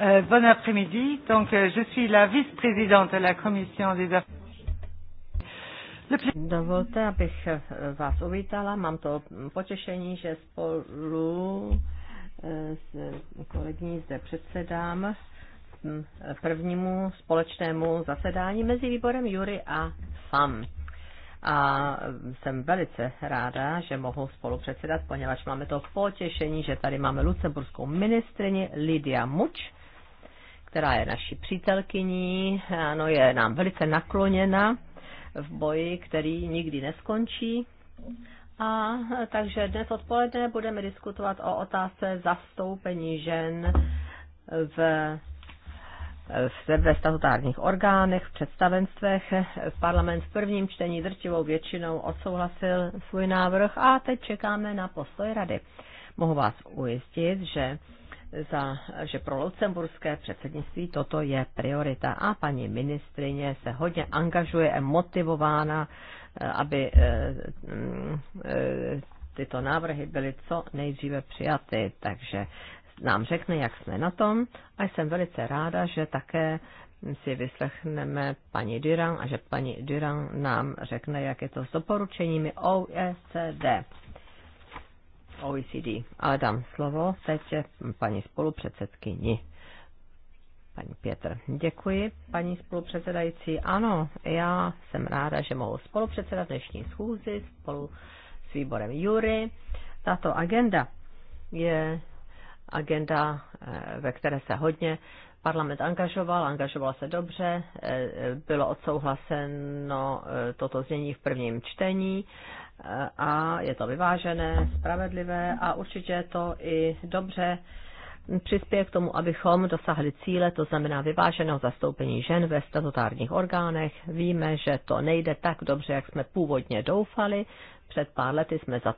Euh, bon après-midi. Donc, euh, je suis la vice-présidente de la Commission des affaires. Dovolte, abych eh, vás uvítala. Mám to potěšení, že spolu eh, s kolegyní zde předsedám hm, prvnímu společnému zasedání mezi výborem Jury a FAM. A jsem velice ráda, že mohu spolu předsedat, poněvadž máme to potěšení, že tady máme lucemburskou ministrině Lidia Muč, která je naší přítelkyní, ano, je nám velice nakloněna v boji, který nikdy neskončí. A takže dnes odpoledne budeme diskutovat o otázce zastoupení žen v ve statutárních orgánech, v představenstvech. Parlament v prvním čtení drtivou většinou odsouhlasil svůj návrh a teď čekáme na postoj rady. Mohu vás ujistit, že za, že pro lucemburské předsednictví toto je priorita. A paní ministrině se hodně angažuje, a motivována, eh, aby eh, mm, eh, tyto návrhy byly co nejdříve přijaty. Takže nám řekne, jak jsme na tom. A jsem velice ráda, že také si vyslechneme paní Duran a že paní Duran nám řekne, jak je to s doporučeními OECD. OECD. Ale dám slovo teď paní spolupředsedkyni. Paní Pětr, děkuji, paní spolupředsedající. Ano, já jsem ráda, že mohu spolupředsedat dnešní schůzi spolu s výborem Jury. Tato agenda je agenda, eh, ve které se hodně parlament angažoval, angažoval se dobře, eh, bylo odsouhlaseno eh, toto znění v prvním čtení a je to vyvážené, spravedlivé a určitě to i dobře přispěje k tomu, abychom dosáhli cíle, to znamená vyváženého zastoupení žen ve statutárních orgánech. Víme, že to nejde tak dobře, jak jsme původně doufali. Před pár lety jsme, za,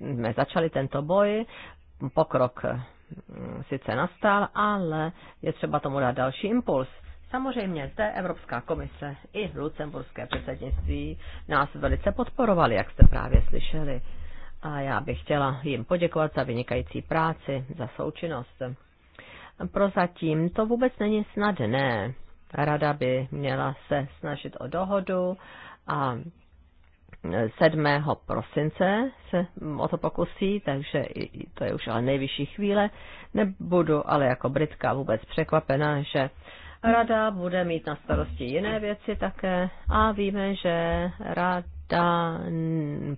jsme začali tento boj, pokrok mm, sice nastal, ale je třeba tomu dát další impuls Samozřejmě zde Evropská komise i lucemburské předsednictví nás velice podporovali, jak jste právě slyšeli. A já bych chtěla jim poděkovat za vynikající práci, za součinnost. Prozatím to vůbec není snadné. Rada by měla se snažit o dohodu a 7. prosince se o to pokusí, takže to je už ale nejvyšší chvíle. Nebudu ale jako Britka vůbec překvapena, že Rada bude mít na starosti jiné věci také a víme, že rada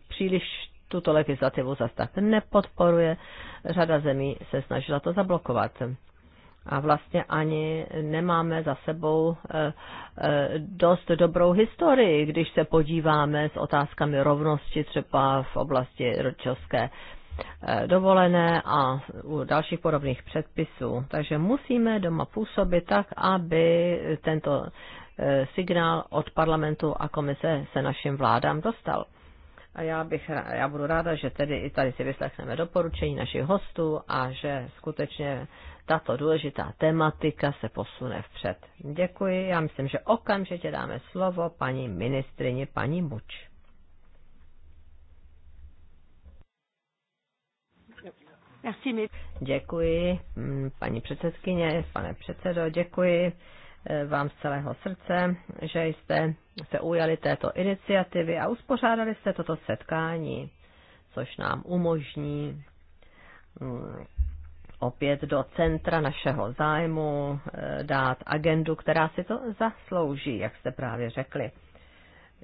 příliš tuto legislativu zase tak nepodporuje. Řada zemí se snažila to zablokovat. A vlastně ani nemáme za sebou eh, eh, dost dobrou historii, když se podíváme s otázkami rovnosti třeba v oblasti rodičovské Eh, dovolené a u dalších podobných předpisů. Takže musíme doma působit tak, aby tento eh, signál od parlamentu a komise se našim vládám dostal. A já, bych, já budu ráda, že tedy i tady si vyslechneme doporučení našich hostů a že skutečně tato důležitá tematika se posune vpřed. Děkuji, já myslím, že okamžitě dáme slovo paní ministrině, paní Muč. Děkuji, mm, paní předsedkyně, pane předsedo, děkuji eh, vám z celého srdce, že jste se ujali této iniciativy a uspořádali jste toto setkání, což nám umožní mm, opět do centra našeho zájmu eh, dát agendu, která si to zaslouží, jak jste právě řekli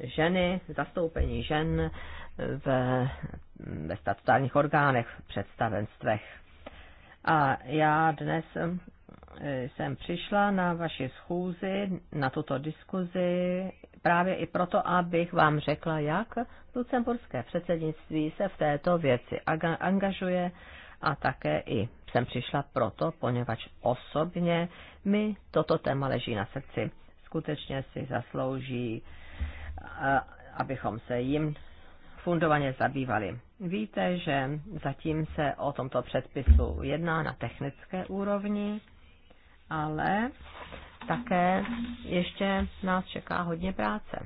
ženy, zastoupení žen v, ve statutárních orgánech, v představenstvech. A já dnes eh, jsem přišla na vaši schůzi, na tuto diskuzi, právě i proto, abych vám řekla, jak lucemburské předsednictví se v této věci angažuje a také i jsem přišla proto, poněvadž osobně mi toto téma leží na srdci. Skutečně si zaslouží abychom se jim fundovaně zabývali. Víte, že zatím se o tomto předpisu jedná na technické úrovni, ale také ještě nás čeká hodně práce.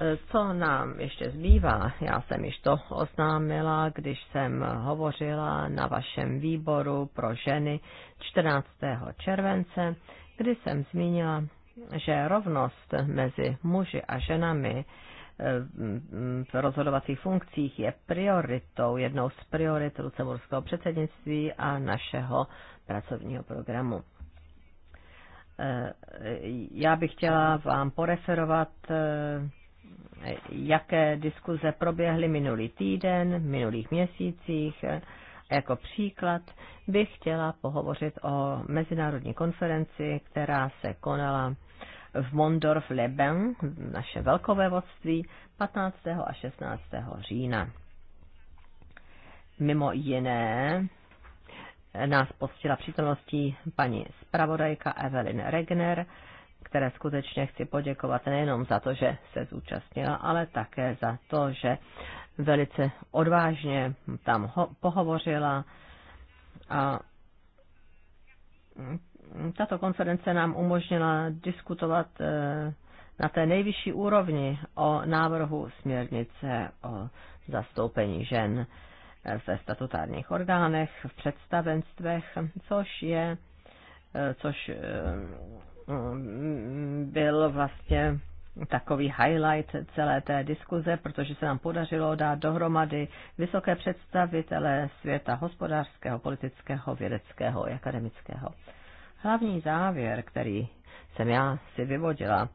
E, co nám ještě zbývá? Já jsem již to oznámila, když jsem hovořila na vašem výboru pro ženy 14. července, kdy jsem zmínila že rovnost mezi muži a ženami eh, v rozhodovacích funkcích je prioritou, jednou z priorit lucemburského předsednictví a našeho pracovního programu. Eh, já bych chtěla vám poreferovat, eh, jaké diskuze proběhly minulý týden, v minulých měsících. Jako příklad bych chtěla pohovořit o mezinárodní konferenci, která se konala v Mondorf Leben, naše vodství, 15. a 16. října. Mimo jiné nás postila přítomností paní zpravodajka Evelyn Regner, které skutečně chci poděkovat nejenom za to, že se zúčastnila, ale také za to, že velice odvážně tam ho- pohovořila a tato konference nám umožnila diskutovat eh, na té nejvyšší úrovni o návrhu směrnice o zastoupení žen eh, ve statutárních orgánech, v představenstvech, což je, eh, což mm, byl vlastně takový highlight celé té diskuze, protože se nám podařilo dát dohromady vysoké představitele světa hospodářského, politického, vědeckého i akademického. Hlavní závěr, který jsem já si vyvodila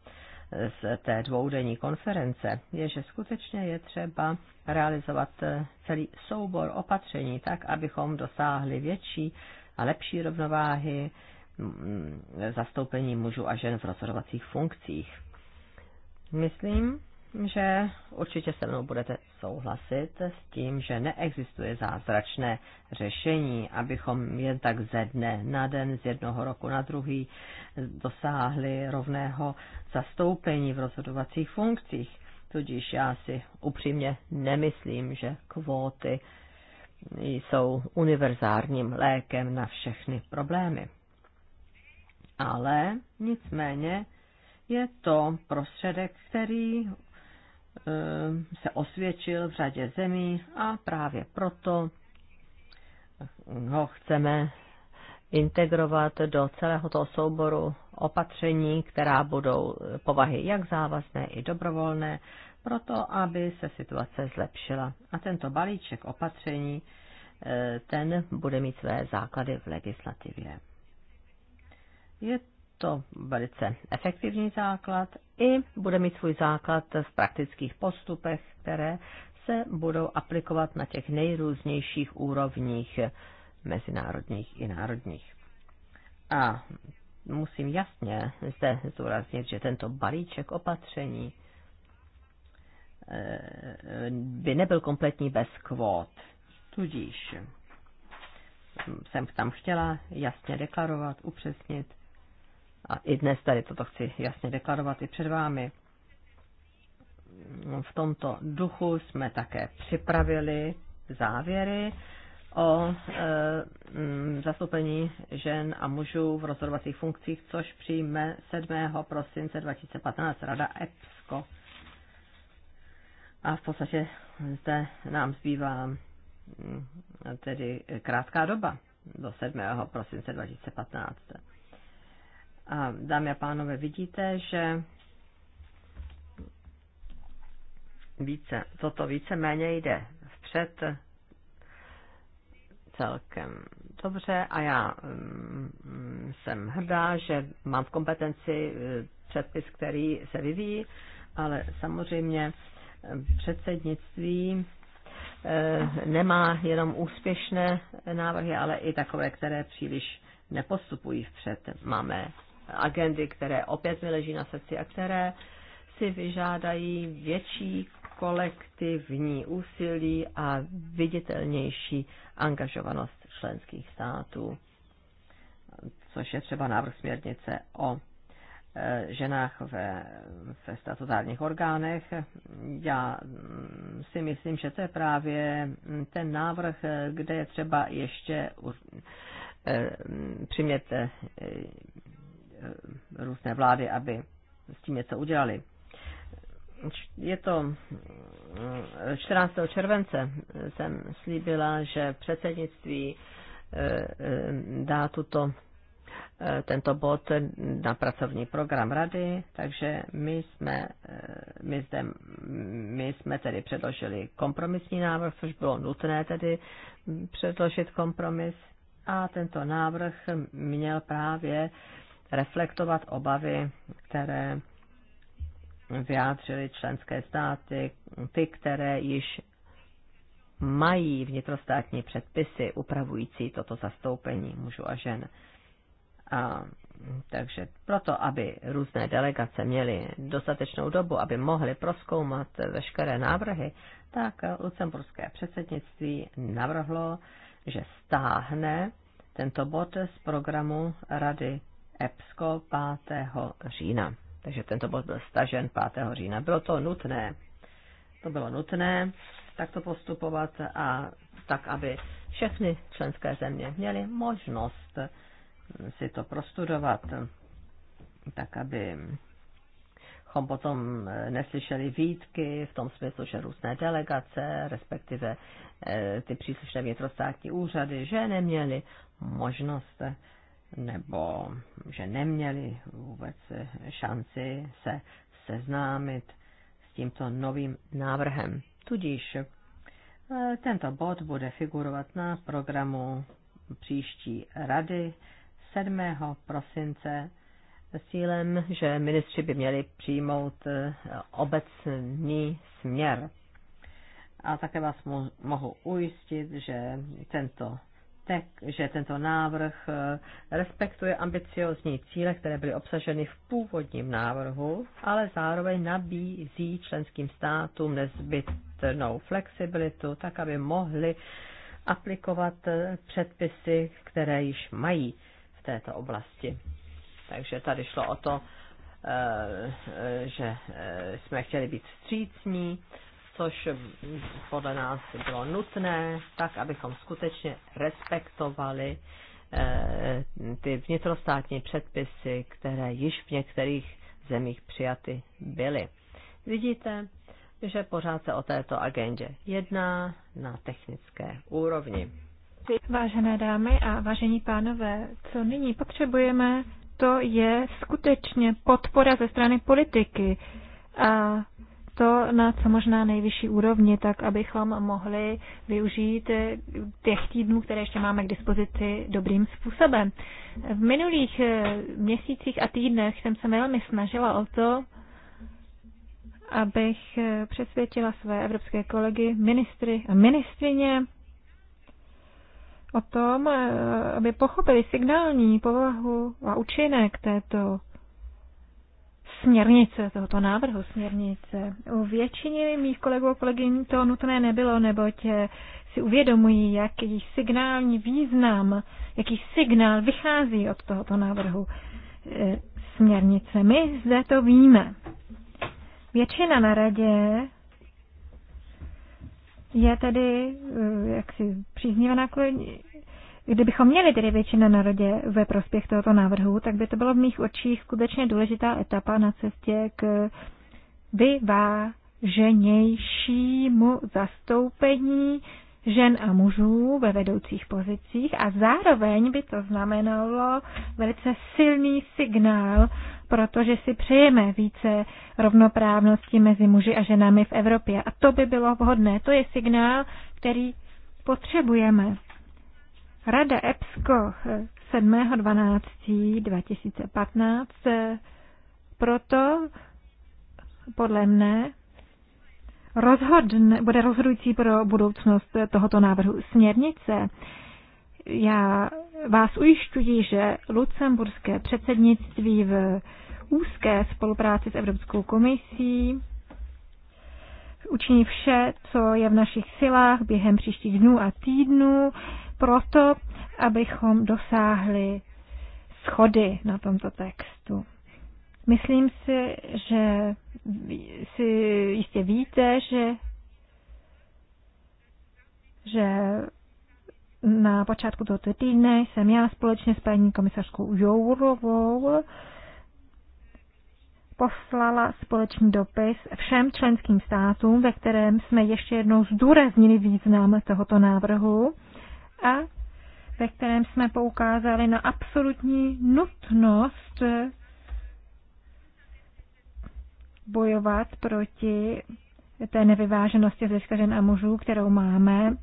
z té dvoudenní konference, je, že skutečně je třeba realizovat eh, celý soubor opatření tak, abychom dosáhli větší a lepší rovnováhy mm, zastoupení mužů a žen v rozhodovacích funkcích. Myslím, že určitě se mnou budete souhlasit s tím, že neexistuje zázračné řešení, abychom jen tak ze dne na den, z jednoho roku na druhý dosáhli rovného zastoupení v rozhodovacích funkcích. Tudíž já si upřímně nemyslím, že kvóty jsou univerzárním lékem na všechny problémy. Ale nicméně je to prostředek, který Eh, se osvědčil v řadě zemí a právě proto ho chceme integrovat do celého toho souboru opatření, která budou povahy jak závazné, i dobrovolné, proto aby se situace zlepšila. A tento balíček opatření, eh, ten bude mít své základy v legislativě. Je to velice efektivní základ i bude mít svůj základ v praktických postupech, které se budou aplikovat na těch nejrůznějších úrovních mezinárodních i národních. A musím jasně zde zdůraznit, že tento balíček opatření eh, by nebyl kompletní bez kvót. Tudíž jsem tam chtěla jasně deklarovat, upřesnit, a i dnes tady toto chci jasně deklarovat i před vámi. V tomto duchu jsme také připravili závěry o e, m, zastoupení žen a mužů v rozhodovacích funkcích, což přijme 7. prosince 2015 Rada EPSCO. A v podstatě zde nám zbývá tedy krátká doba do 7. prosince 2015. A dámy a pánové, vidíte, že více, toto více méně jde vpřed celkem dobře a já mm, jsem hrdá, že mám v kompetenci e, předpis, který se vyvíjí, ale samozřejmě e, předsednictví e, nemá jenom úspěšné návrhy, ale i takové, které příliš nepostupují vpřed. Máme agendy, které opět mi leží na srdci a které si vyžádají větší kolektivní úsilí a viditelnější angažovanost členských států, což je třeba návrh směrnice o e, ženách ve, ve statutárních orgánech. Já mm, si myslím, že to je právě ten návrh, kde je třeba ještě e, mm, přimět e, Eh, různé vlády, aby s tím něco udělali. Je to eh, 14. července jsem slíbila, že předsednictví eh, dá tuto, tento bod na pracovní program rady, takže my jsme, my, zde, my jsme tedy předložili kompromisní návrh, což bylo nutné tedy předložit kompromis a tento návrh měl právě reflektovat obavy, které vyjádřily členské státy, ty, které již mají vnitrostátní předpisy upravující toto zastoupení mužů a žen. A, takže proto, aby různé delegace měly dostatečnou dobu, aby mohly proskoumat veškeré návrhy, tak lucemburské předsednictví navrhlo, že stáhne tento bod z programu Rady EPSCO 5. října. Takže tento bod byl stažen 5. října. Bylo to nutné. To bylo nutné takto postupovat a tak, aby všechny členské země měly možnost si to prostudovat, tak aby abychom potom neslyšeli výtky v tom smyslu, že různé delegace, respektive eh, ty příslušné vnitrostátní úřady, že neměli možnost nebo že neměli vůbec šanci se seznámit s tímto novým návrhem. Tudíž eh, tento bod bude figurovat na programu příští rady 7. prosince s cílem, že ministři by měli přijmout eh, obecný směr. A také vás mohu ujistit, že tento tek, že tento návrh eh, respektuje ambiciozní cíle, které byly obsaženy v původním návrhu, ale zároveň nabízí členským státům nezbytnou flexibilitu, tak aby mohli aplikovat eh, předpisy, které již mají v této oblasti. Takže tady šlo o to, eh, že jsme chtěli být vstřícní což podle nás bylo nutné, tak abychom skutečně respektovali eh, ty vnitrostátní předpisy, které již v některých zemích přijaty byly. Vidíte, že pořád se o této agendě jedná na technické úrovni. Vážené dámy a vážení pánové, co nyní potřebujeme, to je skutečně podpora ze strany politiky. A to na co možná nejvyšší úrovni, tak abychom mohli využít těch týdnů, které ještě máme k dispozici, dobrým způsobem. V minulých eh, měsících a týdnech jsem se velmi snažila o to, abych eh, přesvědčila své evropské kolegy, ministry a ministrině o tom, eh, aby pochopili signální povahu a účinek této směrnice, tohoto návrhu směrnice. U většiny mých kolegů a kolegyň to nutné nebylo, neboť si uvědomují, jaký signální význam, jaký signál vychází od tohoto návrhu e, směrnice. My zde to víme. Většina na radě je tedy e, jaksi příznivá Kdybychom měli tedy většinu na rodě ve prospěch tohoto návrhu, tak by to bylo v mých očích skutečně důležitá etapa na cestě k vyváženějšímu zastoupení žen a mužů ve vedoucích pozicích a zároveň by to znamenalo velice silný signál, protože si přejeme více rovnoprávnosti mezi muži a ženami v Evropě. A to by bylo vhodné. To je signál, který potřebujeme. Rada EPSCO 7.12.2015 proto podle mne rozhodne, bude rozhodující pro budoucnost tohoto návrhu směrnice. Já vás ujišťuji, že lucemburské předsednictví v úzké spolupráci s Evropskou komisí učiní vše, co je v našich silách během příštích dnů a týdnů, proto, abychom dosáhli schody na tomto textu. Myslím si, že si jistě víte, že, že na počátku tohoto týdne jsem já společně s paní komisařkou Jourovou poslala společný dopis všem členským státům, ve kterém jsme ještě jednou zdůraznili význam tohoto návrhu a ve kterém jsme poukázali na absolutní nutnost bojovat proti té nevyváženosti ze žen a mužů, kterou máme,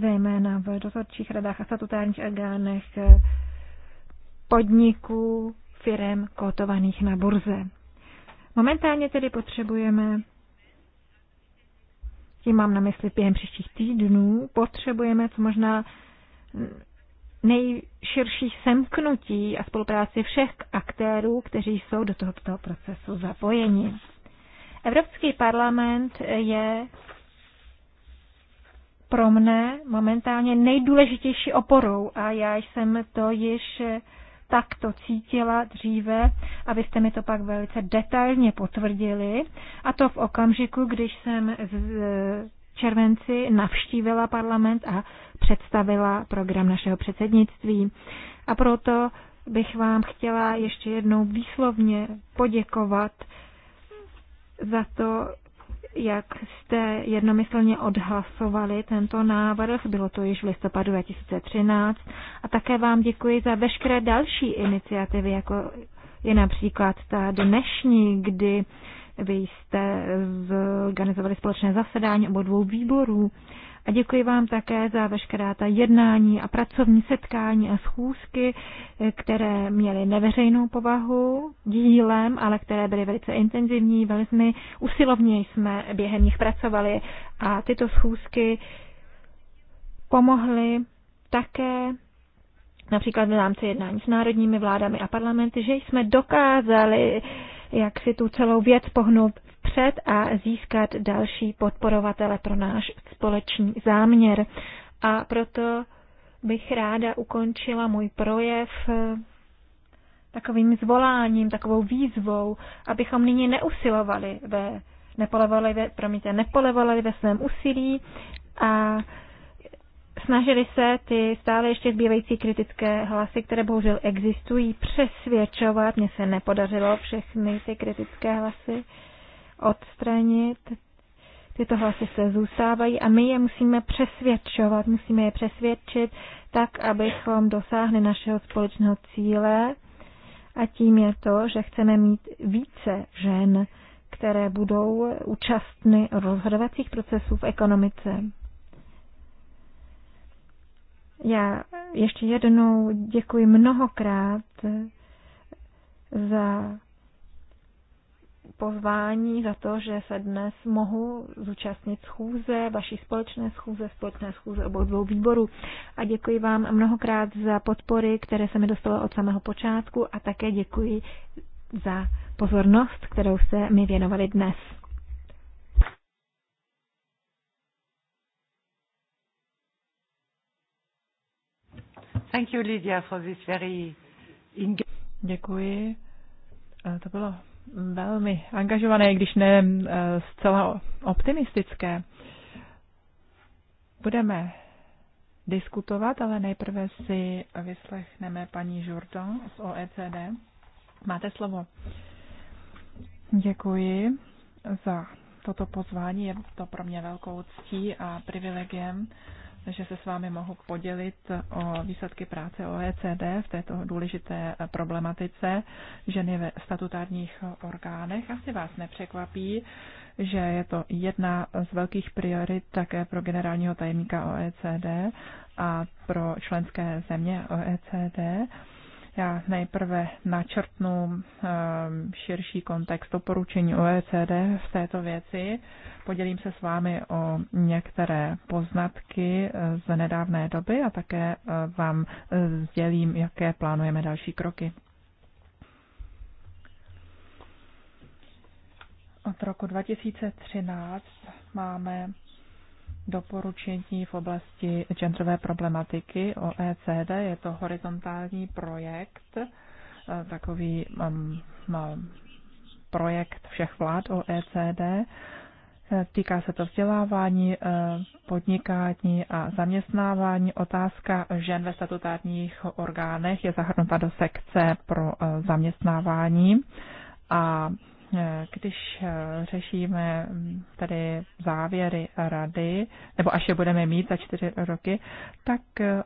zejména v dozorčích radách a statutárních orgánech podniků, firem kotovaných na burze. Momentálně tedy potřebujeme tím mám na mysli během příštích týdnů, potřebujeme co možná nejširší semknutí a spolupráci všech aktérů, kteří jsou do tohoto procesu zapojeni. Evropský parlament je pro mne momentálně nejdůležitější oporou a já jsem to již takto cítila dříve, abyste mi to pak velice detailně potvrdili. A to v okamžiku, když jsem v červenci navštívila parlament a představila program našeho předsednictví. A proto bych vám chtěla ještě jednou výslovně poděkovat za to, jak jste jednomyslně odhlasovali tento návrh, bylo to již v listopadu 2013, a také vám děkuji za veškeré další iniciativy, jako je například ta dnešní, kdy vy jste zorganizovali společné zasedání obou dvou výborů a děkuji vám také za veškerá ta jednání a pracovní setkání a schůzky, které měly neveřejnou povahu dílem, ale které byly velice intenzivní, velmi usilovně jsme během nich pracovali a tyto schůzky pomohly také například v rámci jednání s národními vládami a parlamenty, že jsme dokázali jak si tu celou věc pohnout vpřed a získat další podporovatele pro náš společný záměr. A proto bych ráda ukončila můj projev eh, takovým zvoláním, takovou výzvou, abychom nyní neusilovali ve, nepolevali ve, promiňte, nepolevali ve svém úsilí a snažili se ty stále ještě zbývající kritické hlasy, které bohužel existují, přesvědčovat. Mně se nepodařilo všechny ty kritické hlasy odstranit. Tyto hlasy se zůstávají a my je musíme přesvědčovat, musíme je přesvědčit tak, abychom dosáhli našeho společného cíle a tím je to, že chceme mít více žen, které budou účastny rozhodovacích procesů v ekonomice. Já ještě jednou děkuji mnohokrát za pozvání, za to, že se dnes mohu zúčastnit schůze, vaší společné schůze, společné schůze obou dvou výborů. A děkuji vám mnohokrát za podpory, které se mi dostalo od samého počátku a také děkuji za pozornost, kterou se mi věnovali dnes. Thank you, Lydia, for this very Děkuji. To bylo velmi angažované, když ne eh, zcela optimistické. Budeme diskutovat, ale nejprve si vyslechneme paní Jourdan z OECD. Máte slovo. Děkuji za toto pozvání. Je to pro mě velkou ctí a privilegiem že se s vámi mohu podělit o výsledky práce OECD v této důležité problematice ženy ve statutárních orgánech. Asi vás nepřekvapí, že je to jedna z velkých priorit také pro generálního tajemníka OECD a pro členské země OECD já nejprve načrtnu ehm, širší kontext doporučení OECD v této věci. Podělím se s vámi o některé poznatky eh, z nedávné doby a také eh, vám eh, sdělím, jaké plánujeme další kroky. Od roku 2013 máme doporučení v oblasti genderové problematiky OECD. Je to horizontální projekt, eh, takový um, projekt všech vlád OECD. Eh, týká se to vzdělávání, eh, podnikání a zaměstnávání. Otázka žen ve statutárních orgánech je zahrnuta do sekce pro zaměstnávání a Eh, když eh, řešíme mm, tady závěry rady, nebo až je budeme mít za čtyři roky, tak eh,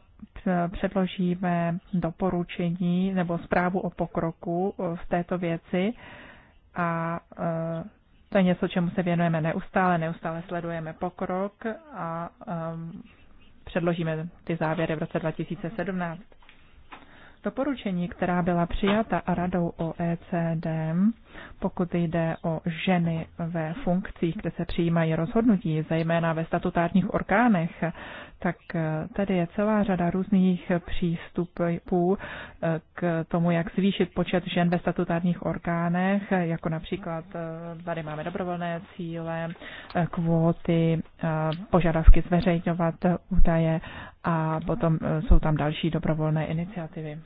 předložíme doporučení nebo zprávu o pokroku v této věci a to je něco, čemu se věnujeme neustále, neustále sledujeme pokrok a ehm, předložíme ty závěry v roce 2017. Doporučení, která byla přijata radou OECD, pokud jde o ženy ve funkcích, kde se přijímají rozhodnutí, zejména ve statutárních orgánech, tak eh, tady je celá řada různých přístupů eh, k tomu, jak zvýšit počet žen ve statutárních orgánech, jako například eh, tady máme dobrovolné cíle, kvóty, požadavky zveřejňovat údaje a potom jsou tam další dobrovolné iniciativy.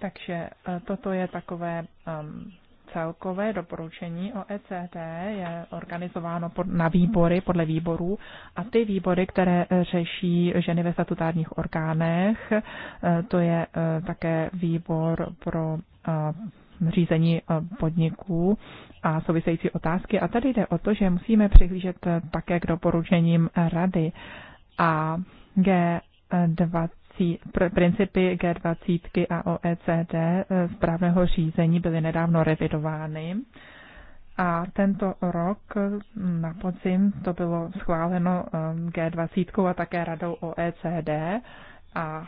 Takže toto je takové um, celkové doporučení o ECT je organizováno pod, na výbory, podle výborů a ty výbory, které eh, řeší ženy ve statutárních orgánech, eh, to je eh, také výbor pro řízení podniků a související otázky. A tady jde o to, že musíme přihlížet také k doporučením rady. A G20 pr- principy G20 a OECD eh, správného řízení byly nedávno revidovány. A tento rok eh, na podzim to bylo schváleno eh, G20 a také radou OECD a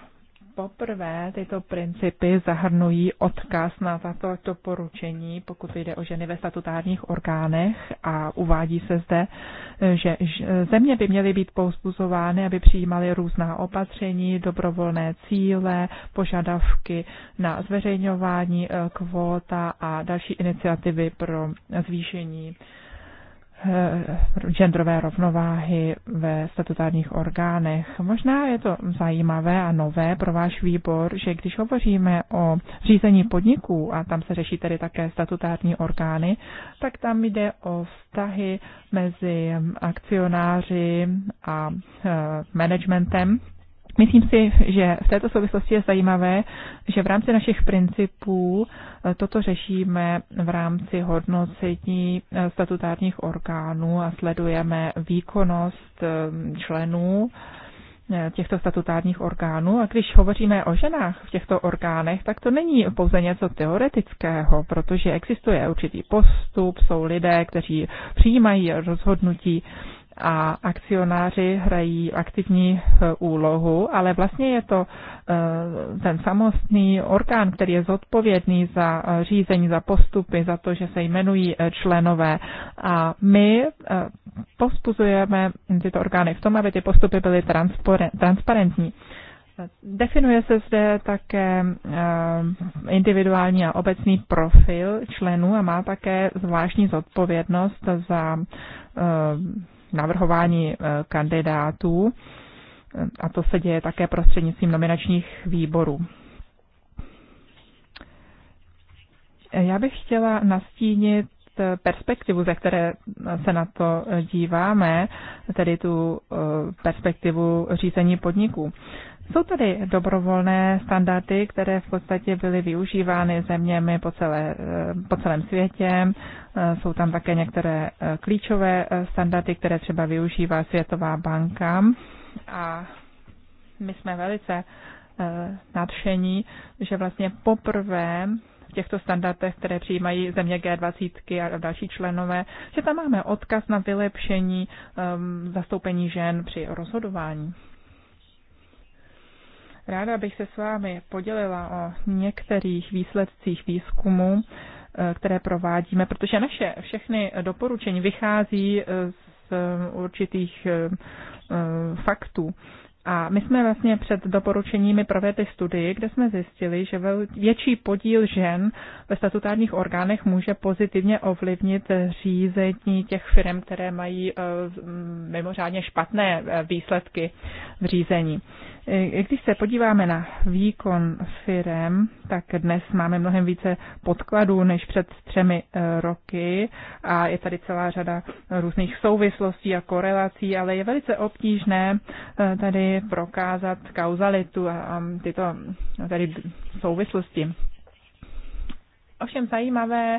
poprvé tyto principy zahrnují odkaz na tato doporučení, pokud jde o ženy ve statutárních orgánech a uvádí se zde, že země by měly být pouzbuzovány, aby přijímaly různá opatření, dobrovolné cíle, požadavky na zveřejňování eh, kvóta a další iniciativy pro zvýšení Eh, genderové rovnováhy ve statutárních orgánech. Možná je to zajímavé a nové pro váš výbor, že když hovoříme o řízení podniků, a tam se řeší tedy také statutární orgány, tak tam jde o vztahy mezi akcionáři a eh, managementem Myslím si, že v této souvislosti je zajímavé, že v rámci našich principů eh, toto řešíme v rámci hodnocení eh, statutárních orgánů a sledujeme výkonnost eh, členů těchto statutárních orgánů. A když hovoříme o ženách v těchto orgánech, tak to není pouze něco teoretického, protože existuje určitý postup, jsou lidé, kteří přijímají rozhodnutí a akcionáři hrají aktivní eh, úlohu, ale vlastně je to eh, ten samostný orgán, který je zodpovědný za eh, řízení, za postupy, za to, že se jmenují členové. A my pospuzujeme tyto orgány v tom, aby ty postupy byly transparentní. Definuje se zde také individuální a obecný profil členů a má také zvláštní zodpovědnost za navrhování eh, kandidátů eh, a to se děje také prostřednictvím nominačních výborů. Eh, já bych chtěla nastínit perspektivu, ze které se na to díváme, tedy tu perspektivu řízení podniků. Jsou tady dobrovolné standardy, které v podstatě byly využívány zeměmi po, celé, eh, po celém světě. Eh, jsou tam také některé eh, klíčové standardy, které třeba využívá Světová banka. A my jsme velice nadšení, že vlastně poprvé v těchto standardech, které přijímají země G20 a další členové, že tam máme odkaz na vylepšení ehm, zastoupení žen při rozhodování. Ráda bych se s vámi podělila o některých výsledcích výzkumu, e, které provádíme, protože naše všechny doporučení vychází e, z e, určitých faktů. A my jsme vlastně před doporučeními provedli studii, kde jsme zjistili, že větší podíl žen ve statutárních orgánech může pozitivně ovlivnit řízení těch firm, které mají mimořádně špatné výsledky v řízení. Když se podíváme na výkon firem, tak dnes máme mnohem více podkladů než před třemi eh, roky a je tady celá řada různých souvislostí a korelací, ale je velice obtížné eh, tady prokázat kauzalitu a tyto no, tady souvislosti. Ovšem zajímavé,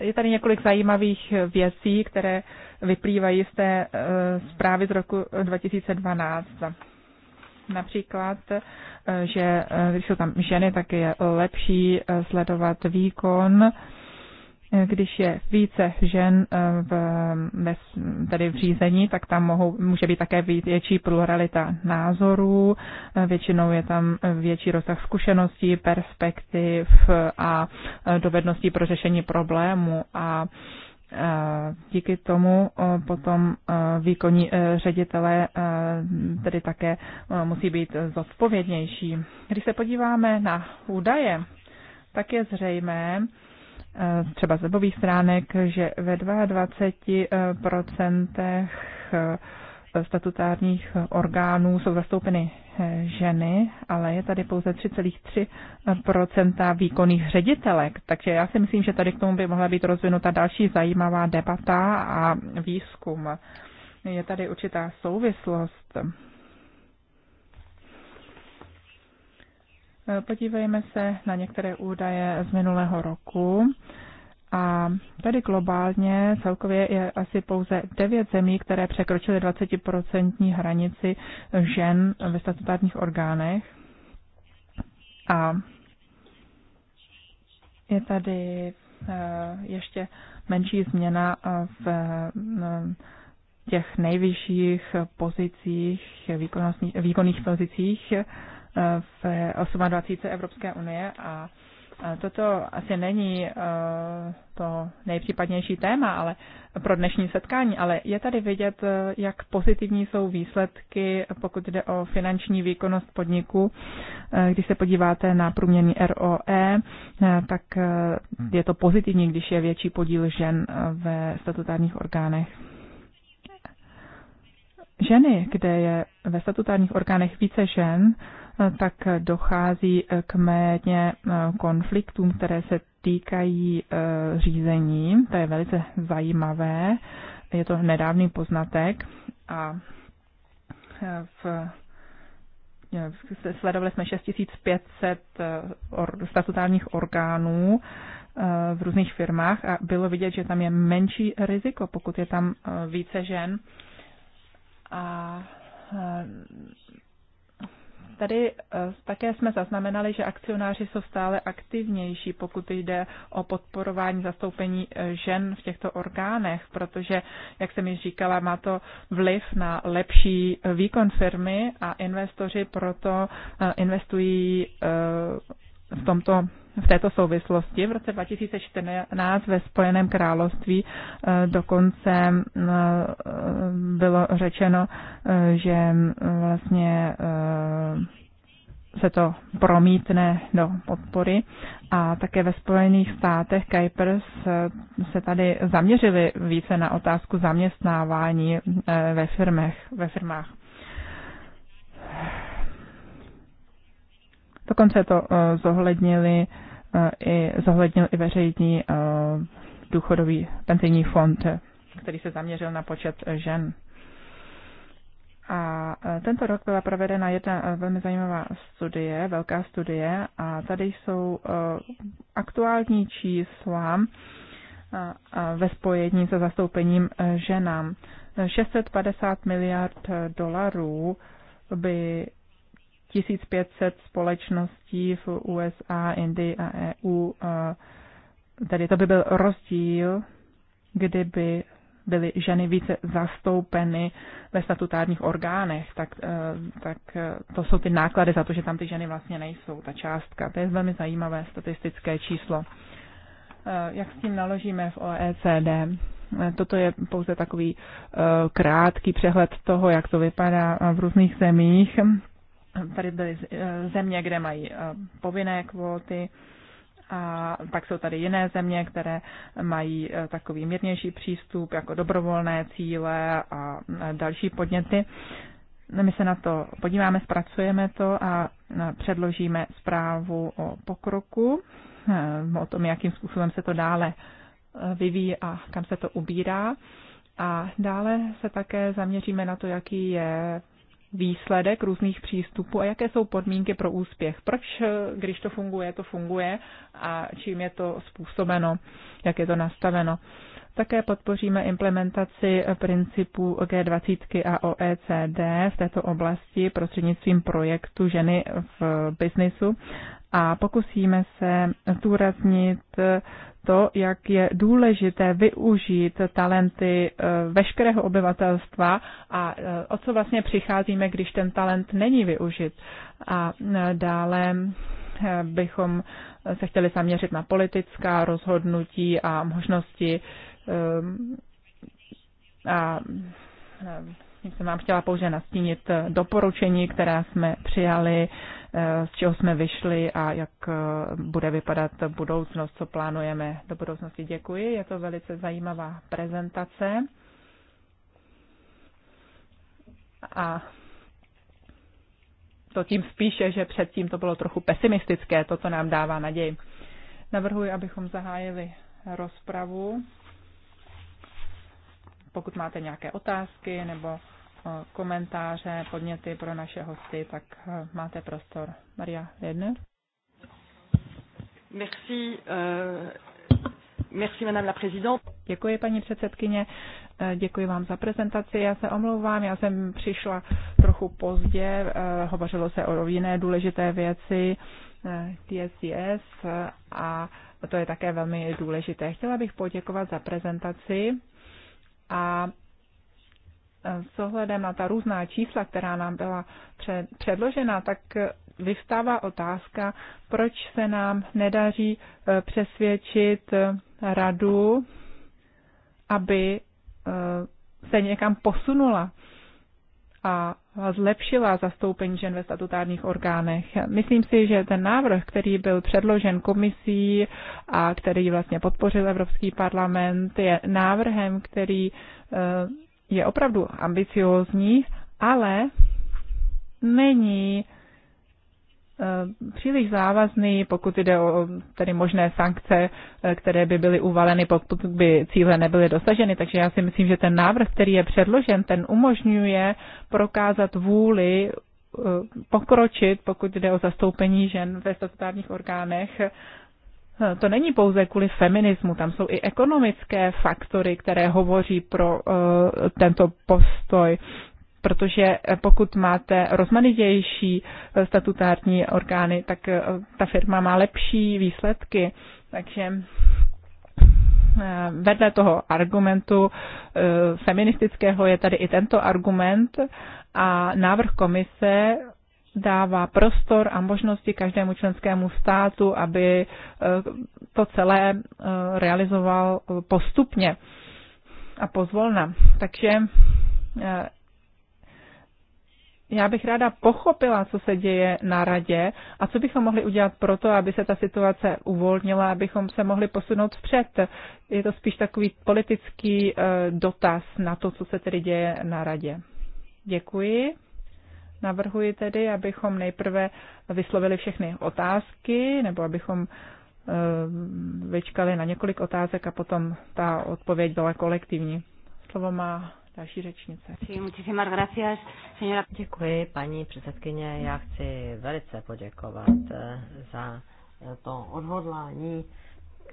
je tady několik zajímavých věcí, které vyplývají z té eh, zprávy z roku 2012 Například, eh, že eh, když jsou tam ženy, tak je lepší eh, sledovat výkon, když je více žen v, tedy v řízení, tak tam mohou, může být také větší pluralita názorů, většinou je tam větší rozsah zkušeností, perspektiv a dovedností pro řešení problému a díky tomu eh, potom eh, výkonní eh, ředitele tedy také musí být zodpovědnější. Když se podíváme na údaje, tak je zřejmé, třeba z webových stránek, že ve 22% statutárních orgánů jsou zastoupeny eh, ženy, ale je tady pouze 3,3 výkonných ředitelek. Takže já si myslím, že tady k tomu by mohla být rozvinuta další zajímavá debata a výzkum. Je tady určitá souvislost. Eh, podívejme se na některé údaje z minulého roku. A tady globálně celkově je asi pouze devět zemí, které překročily 20% hranici žen ve statutárních orgánech. A je tady eh, ještě menší změna v eh, těch nejvyšších pozicích, výkonných pozicích eh, v 28. Evropské unie a toto asi není eh, to nejpřípadnější téma ale pro dnešní setkání, ale je tady vidět, eh, jak pozitivní jsou výsledky, pokud jde o finanční výkonnost podniku. Eh, když se podíváte na průměrný ROE, tak je to pozitivní, když je větší podíl žen ve statutárních orgánech. Ženy, kde je ve statutárních orgánech více žen, tak dochází eh, k méně eh, konfliktům, které se týkají eh, řízení. To je velice zajímavé. Je to nedávný poznatek a v sledovali jsme 6500 statutárních orgánů v různých firmách a bylo vidět, že tam je menší riziko, pokud je tam více žen. A tady eh, také jsme zaznamenali, že akcionáři jsou stále aktivnější, pokud jde o podporování zastoupení eh, žen v těchto orgánech, protože, jak jsem již říkala, má to vliv na lepší výkon firmy a investoři proto eh, investují v tomto v této souvislosti. V roce 2014 ve Spojeném království eh, dokonce eh, bylo řečeno, eh, že vlastně se to promítne do podpory. A také ve Spojených státech Kuipers se tady zaměřili více na otázku zaměstnávání ve firmech, ve firmách. Dokonce to eh, zohlednili eh, i, zohlednil i veřejný eh, důchodový penzijní fond, který se zaměřil na počet žen. A tento rok byla provedena jedna velmi zajímavá studie, velká studie, a tady jsou aktuální čísla ve spojení se zastoupením ženám. 650 miliard dolarů by 1500 společností v USA, Indii a EU. Tady to by byl rozdíl, kdyby byly ženy více zastoupeny ve statutárních orgánech, tak, e, tak e, to jsou ty náklady za to, že tam ty ženy vlastně nejsou, ta částka. To je velmi zajímavé statistické číslo. E, jak s tím naložíme v OECD? Toto je pouze takový krátký přehled toho, jak to vypadá v různých zemích. Tady byly eh, země, kde mají eh, povinné kvóty, a pak jsou tady jiné země, které mají eh, takový mírnější přístup, jako dobrovolné cíle a další podněty. No, my se na to podíváme, zpracujeme to a předložíme zprávu o pokroku, o tom, jakým způsobem se to dále vyvíjí a kam se to ubírá. A dále se také zaměříme na to, jaký je výsledek různých přístupů a jaké jsou podmínky pro úspěch. Proč, eh, když to funguje, to funguje a čím je to způsobeno, jak je to nastaveno. Také podpoříme implementaci principů G20 a OECD v této oblasti prostřednictvím projektu Ženy v biznisu a pokusíme se zdůraznit to, jak je důležité využít talenty eh, veškerého obyvatelstva a eh, o co vlastně přicházíme, když ten talent není využit. A eh, dále bychom se chtěli zaměřit na politická rozhodnutí a možnosti a jsem vám chtěla pouze nastínit eh, doporučení, která jsme přijali, eh, z čeho jsme vyšli a jak eh, bude vypadat budoucnost, co plánujeme do budoucnosti. Děkuji, je to velice zajímavá prezentace. A to tím spíše, že předtím to bylo trochu pesimistické, to, co nám dává naději. Navrhuji, abychom zahájili rozpravu pokud máte nějaké otázky nebo eh, komentáře, podněty pro naše hosty, tak eh, máte prostor. Maria Jedner. Merci. Eh, merci, madame la présidente. Děkuji, paní předsedkyně. Děkuji vám za prezentaci. Já se omlouvám, já jsem přišla trochu pozdě. Hovořilo se o jiné důležité věci, TSCS, a to je také velmi důležité. Chtěla bych poděkovat za prezentaci a e, s ohledem na ta různá čísla, která nám byla předložena, tak vyvstává otázka, proč se nám nedaří e, přesvědčit e, radu, aby se někam posunula. A zlepšila zastoupení žen ve statutárních orgánech. Myslím si, že ten návrh, který byl předložen komisí a který vlastně podpořil Evropský parlament, je návrhem, který eh, je opravdu ambiciózní, ale není Eh, příliš závazný, pokud jde o tedy možné sankce, eh, které by byly uvaleny, pokud by cíle nebyly dosaženy. Takže já si myslím, že ten návrh, který je předložen, ten umožňuje prokázat vůli eh, pokročit, pokud jde o zastoupení žen ve statutárních orgánech. To není pouze kvůli feminismu, tam jsou i ekonomické faktory, které hovoří pro uh, tento postoj protože eh, pokud máte rozmanitější eh, statutární orgány, tak eh, ta firma má lepší výsledky. Takže vedle toho argumentu feministického je tady i tento argument a návrh komise dává prostor a možnosti každému členskému státu, aby to celé realizoval postupně a pozvolna. Takže já bych ráda pochopila, co se děje na radě a co bychom mohli udělat pro to, aby se ta situace uvolnila, abychom se mohli posunout vpřed. Je to spíš takový politický eh, dotaz na to, co se tedy děje na radě. Děkuji. Navrhuji tedy, abychom nejprve vyslovili všechny otázky, nebo abychom eh, vyčkali na několik otázek a potom ta odpověď byla kolektivní. Slovo má další řečnice. Děkuji, paní předsedkyně. Já chci velice poděkovat eh, za eh, to odhodlání,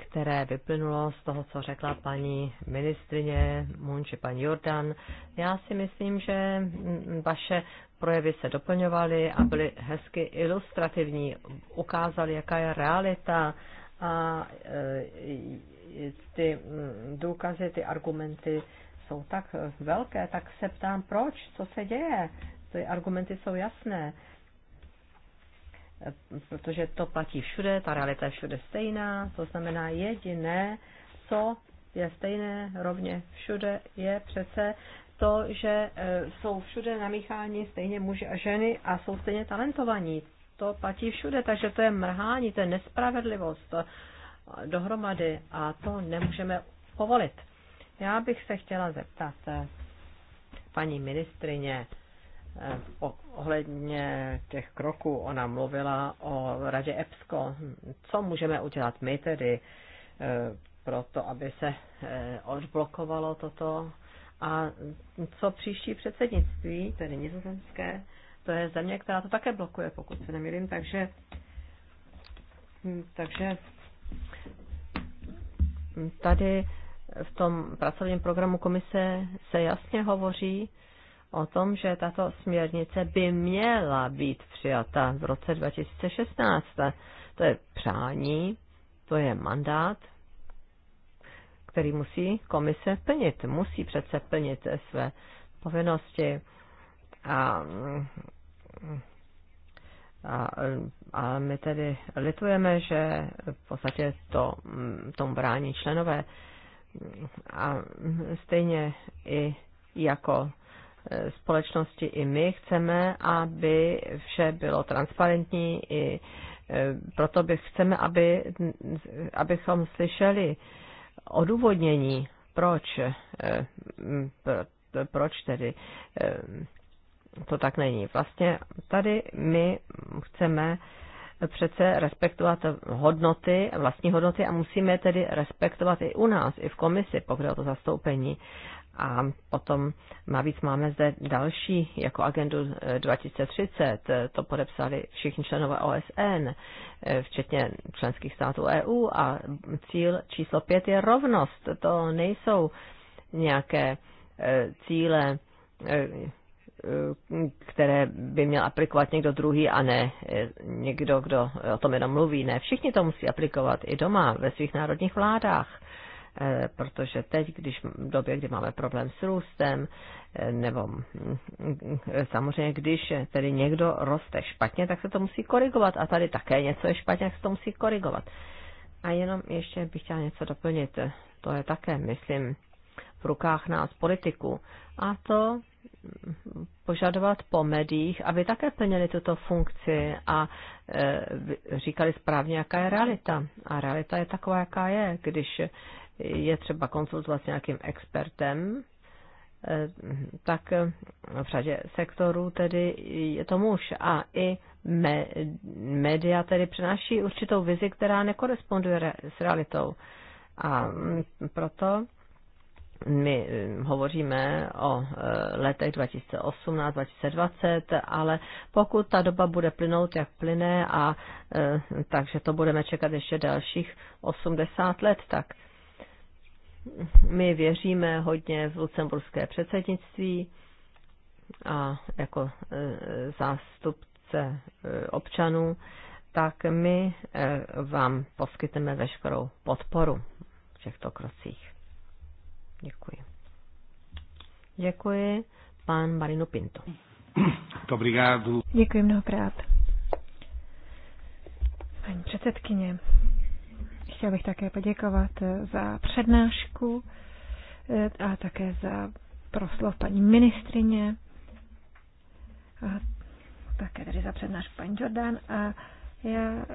které vyplynulo z toho, co řekla paní ministrině Munči, pan Jordan. Já si myslím, že mm, vaše projevy se doplňovaly a byly hezky ilustrativní, ukázaly, jaká je realita a eh, ty mm, důkazy, ty argumenty jsou tak velké, tak se ptám, proč, co se děje. Ty argumenty jsou jasné, protože to platí všude, ta realita je všude stejná, to znamená jediné, co je stejné rovně všude, je přece to, že e, jsou všude namícháni stejně muži a ženy a jsou stejně talentovaní. To platí všude, takže to je mrhání, to je nespravedlivost dohromady a to nemůžeme povolit. Já bych se chtěla zeptat eh, paní ministrině eh, ohledně těch kroků. Ona mluvila o radě EPSCO. Co můžeme udělat my tedy eh, pro to, aby se odblokovalo toto? A co příští předsednictví, tedy nizozemské, to je země, která to také blokuje, pokud se nemýlím, takže, hm, takže tady v tom pracovním programu komise se jasně hovoří o tom, že tato směrnice by měla být přijata v roce 2016. To je přání, to je mandát, který musí komise plnit. Musí přece plnit své povinnosti. A, a, a my tedy litujeme, že v podstatě to, tomu brání členové a stejně i jako e, společnosti i my chceme, aby vše bylo transparentní, i e, proto bych chceme, aby, abychom slyšeli odůvodnění, proč, e, proč tedy to tak není. Vlastně tady my chceme přece respektovat hodnoty, vlastní hodnoty a musíme tedy respektovat i u nás, i v komisi, pokud je o to zastoupení. A potom navíc máme zde další, jako agendu 2030, to podepsali všichni členové OSN, včetně členských států EU a cíl číslo pět je rovnost. To nejsou nějaké eh, cíle eh, které by měl aplikovat někdo druhý a ne eh, někdo, kdo eh, o tom jenom mluví. Ne, všichni to musí aplikovat i doma, ve svých národních vládách eh, protože teď, když v době, kdy máme problém s růstem, nebo samozřejmě, když tedy někdo roste špatně, tak se to musí korigovat a tady také něco je špatně, tak se to musí korigovat. A jenom ještě bych chtěla něco doplnit. To je také, myslím, v rukách nás politiků. A to požadovat po médiích, aby také plnili tuto funkci a e, říkali správně, jaká je realita. A realita je taková, jaká je. Když je třeba konzultovat s nějakým expertem, e, tak v řadě sektorů tedy je to muž a i média tedy přenáší určitou vizi, která nekoresponduje s realitou. A proto my eh, hovoříme o eh, letech 2018-2020, ale pokud ta doba bude plynout, jak plyne, a eh, takže to budeme čekat ještě dalších 80 let, tak my věříme hodně v lucemburské předsednictví a jako zástupce občanů, tak my vám poskytneme veškerou podporu v těchto krocích. Děkuji. Děkuji. Pan Marino Pinto. Dobrigádu. Děkuji mnohokrát. Paní předsedkyně, chtěla bych také poděkovat za přednášku eh, a také za proslov paní ministrině a také tedy za přednášku paní Jordan a já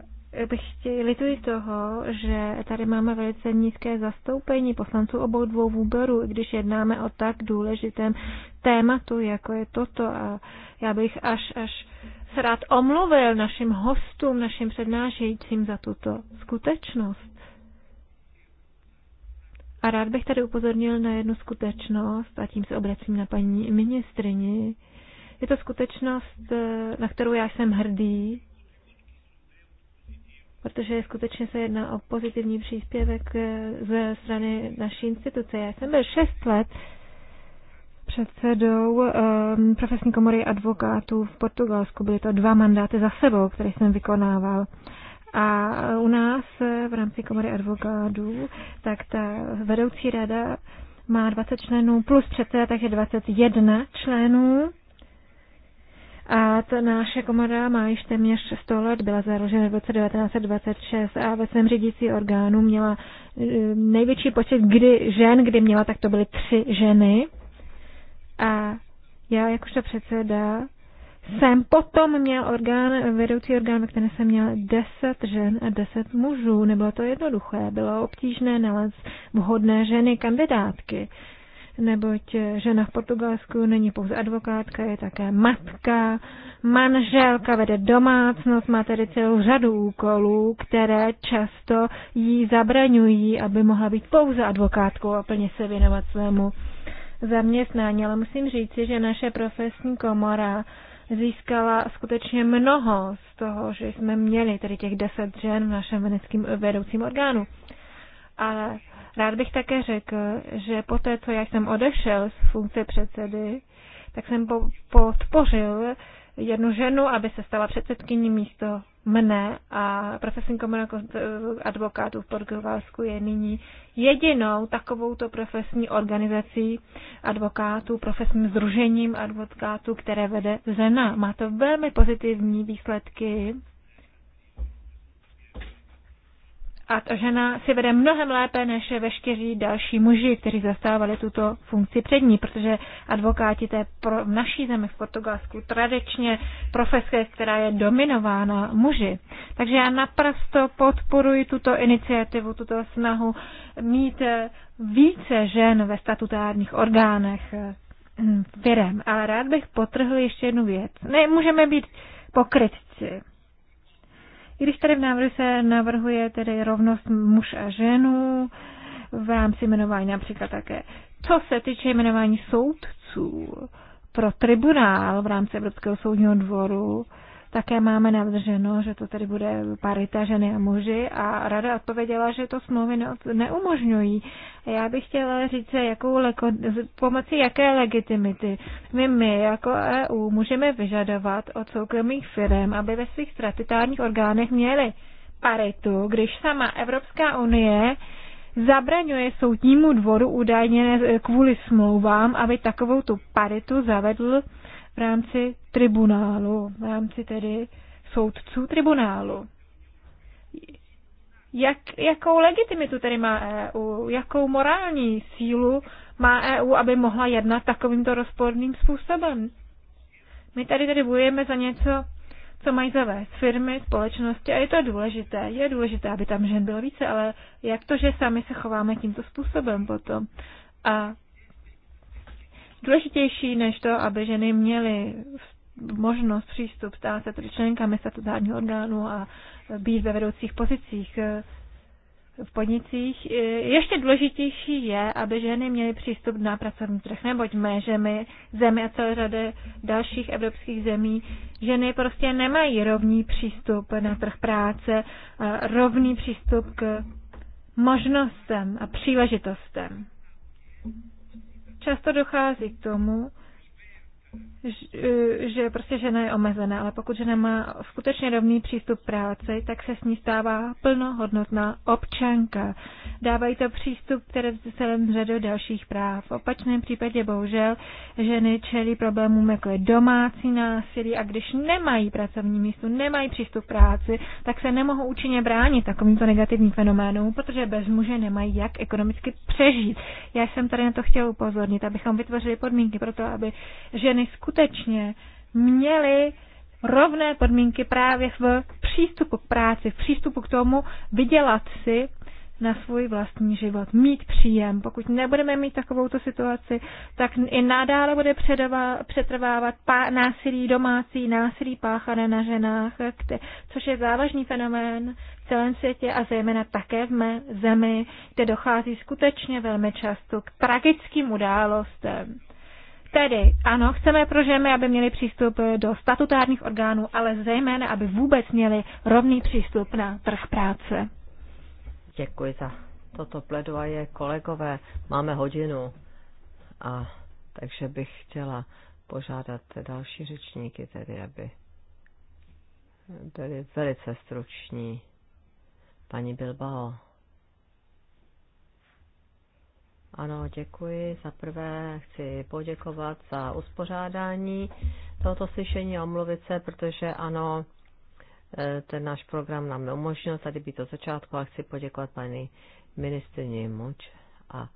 bych chtěl, lituji toho, že tady máme velice nízké zastoupení poslanců obou dvou výborů, když jednáme o tak důležitém tématu, jako je toto. A já bych až, až se rád omluvil našim hostům, našim přednášejícím za tuto skutečnost. A rád bych tady upozornil na jednu skutečnost, a tím se obracím na paní ministrini. Je to skutečnost, eh, na kterou já jsem hrdý, protože skutečně se jedná o pozitivní příspěvek eh, ze strany naší instituce. Já jsem byl šest let předsedou um, profesní komory advokátů v Portugalsku. Byly to dva mandáty za sebou, které jsem vykonával. A u nás eh, v rámci komory advokátů, tak ta vedoucí rada má 20 členů plus předseda, takže 21 členů. A ta naše komora má již téměř 100 let, byla založena v roce 1926 a ve svém řídící orgánu měla eh, největší počet kdy žen, kdy měla, tak to byly tři ženy. A já jakožto předseda jsem potom měl orgán, vedoucí orgán, ve kterém jsem měl deset žen a deset mužů. Nebylo to jednoduché, bylo obtížné nalézt vhodné ženy kandidátky. Uh, neboť žena v Portugalsku není pouze advokátka, je také matka, manželka, vede domácnost, má tedy celou řadu úkolů, které často jí zabraňují, aby mohla být pouze advokátkou a plně se věnovat svému zaměstnání. Ale musím říci, že naše profesní komora získala skutečně mnoho z toho, že jsme měli tedy těch deset žen v našem veneckým vedoucím orgánu. Ale Rád bych také řekl, že poté, co já jsem odešel z funkce předsedy, tak jsem po- podpořil jednu ženu, aby se stala předsedkyní místo mne a profesní komora advokátů v Portugalsku je nyní jedinou takovouto profesní organizací advokátů, profesním združením advokátů, které vede žena. Má to velmi pozitivní výsledky a ta žena si vede mnohem lépe než veškerý další muži, kteří zastávali tuto funkci před ní, protože advokáti té pro, v naší zemi v Portugalsku tradičně profeské která je dominována muži. Takže já naprosto podporuji tuto iniciativu, tuto snahu mít eh, více žen ve statutárních orgánech eh, firem. Ale rád bych potrhl ještě jednu věc. Ne, můžeme být pokrytci. I když tady v návrhu se navrhuje tedy rovnost muž a ženu v rámci jmenování například také. Co se týče jmenování soudců pro tribunál v rámci Evropského soudního dvoru, také máme navrženo, že to tedy bude parita ženy a muži a rada odpověděla, že to smlouvy neumožňují. Já bych chtěla říct, jakou leko, pomocí jaké legitimity my, my jako EU můžeme vyžadovat od soukromých firm, aby ve svých statutárních orgánech měly paritu, když sama Evropská unie zabraňuje soudnímu dvoru údajně kvůli smlouvám, aby takovou tu paritu zavedl v rámci tribunálu, v rámci tedy soudců tribunálu. Jak, jakou legitimitu tedy má EU? Jakou morální sílu má EU, aby mohla jednat takovýmto rozporným způsobem? My tady tedy bojujeme za něco, co mají zavést firmy, společnosti a je to důležité. Je důležité, aby tam žen bylo více, ale jak to, že sami se chováme tímto způsobem potom? A důležitější než to, aby ženy měly možnost přístup stát se tedy členkami statutárního orgánu a být ve vedoucích pozicích eh, v podnicích. Eh, ještě důležitější je, aby ženy měly přístup na pracovní trh, neboť mé ženy, zemi a celé řady dalších evropských zemí, ženy prostě nemají rovný přístup na trh práce, rovný přístup k možnostem a příležitostem. Často dochází k tomu, E, že prostě žena je omezená, ale pokud žena má skutečně rovný přístup práce, tak se s ní stává plnohodnotná občanka. Dávají to přístup, které v celém řadu dalších práv. V opačném případě bohužel ženy čelí problémům jako je domácí násilí a když nemají pracovní místo, nemají přístup k práci, tak se nemohou účinně bránit takovýmto negativním fenoménům, protože bez muže nemají jak ekonomicky přežít. Já jsem tady na to chtěla upozornit, abychom vytvořili podmínky pro to, aby ženy ženy skutečně měly rovné podmínky právě v přístupu k práci, v přístupu k tomu vydělat si na svůj vlastní život, mít příjem. Pokud nebudeme mít takovou situaci, tak i nadále bude přetrvávat násilí domácí, násilí páchané na ženách, což je závažný fenomén v celém světě a zejména také v mé zemi, kde dochází skutečně velmi často k tragickým událostem. Tedy ano, chceme pro ženy, aby měli přístup do statutárních orgánů, ale zejména, aby vůbec měli rovný přístup na trh práce. Děkuji za toto pledoaje, kolegové. Máme hodinu, a takže bych chtěla požádat další řečníky, tedy aby byli velice struční. Paní Bilbao. Ano, děkuji. Za prvé chci poděkovat za uspořádání tohoto slyšení a omluvit se, protože ano, eh, ten náš program nám neumožnil tady být od začátku a chci poděkovat paní ministrině Muč a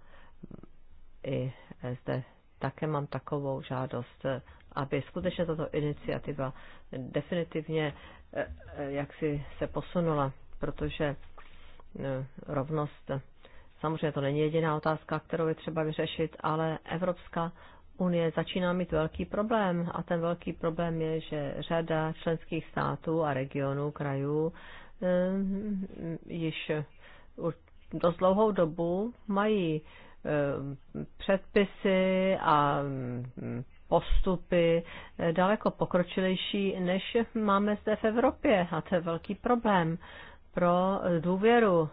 i eh, zde také mám takovou žádost, eh, aby skutečně tato iniciativa definitivně jaksi se posunula, protože rovnost Samozřejmě to není jediná otázka, kterou je třeba vyřešit, ale Evropská unie začíná mít velký problém a ten velký problém je, že řada členských států a regionů, krajů eh, již dost dlouhou dobu mají eh, předpisy a mm, postupy eh, daleko pokročilejší, než máme zde v Evropě. A to je velký problém pro důvěru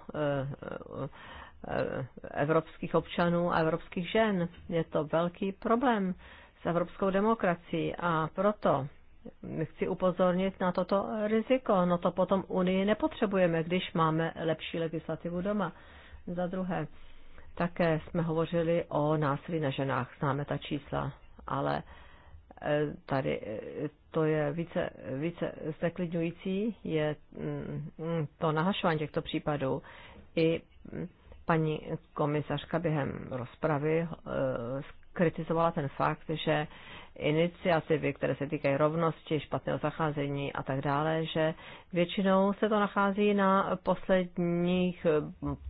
Eh, evropských občanů a evropských žen. Je to velký problém s evropskou demokracií a proto chci upozornit na toto riziko. No to potom Unii nepotřebujeme, když máme lepší legislativu doma. Za druhé, také jsme hovořili o násilí na ženách, známe ta čísla, ale eh, tady eh, to je více, více zneklidňující, je mm, mm, to nahašování těchto případů. I mm, Paní komisařka během rozpravy eh, kritizovala ten fakt, že iniciativy, které se týkají rovnosti, špatného zacházení a tak dále, že většinou se to nachází na posledních eh,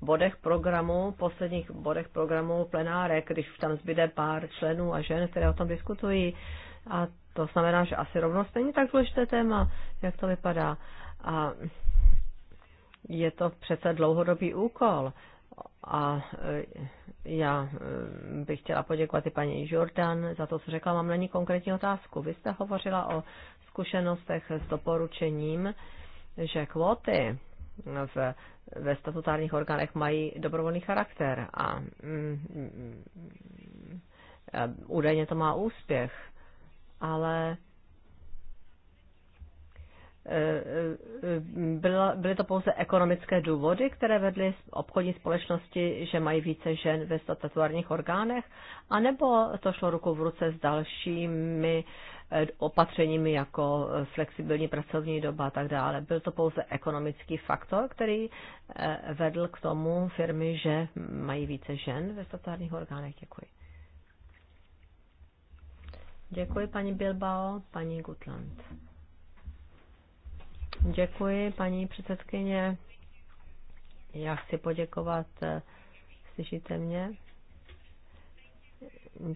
bodech programu, posledních bodech programu plenárek, když už tam zbyde pár členů a žen, které o tom diskutují. A to znamená, že asi rovnost není tak důležité téma, jak to vypadá. A je to přece dlouhodobý úkol a e, já e, bych chtěla poděkovat i paní Jordan za to, co řekla. Mám na ní konkrétní otázku. Vy jste hovořila o zkušenostech s doporučením, že kvóty v, ve statutárních orgánech mají dobrovolný charakter a mm, mm, mm údajně to má úspěch, ale byla, byly to pouze ekonomické důvody, které vedly obchodní společnosti, že mají více žen ve statutárních orgánech, anebo to šlo ruku v ruce s dalšími eh, opatřeními jako flexibilní pracovní doba a tak dále. Byl to pouze ekonomický faktor, který eh, vedl k tomu firmy, že mají více žen ve statutárních orgánech. Děkuji. Děkuji paní Bilbao, paní Gutland. Děkuji, paní předsedkyně. Já chci poděkovat. Eh, slyšíte mě?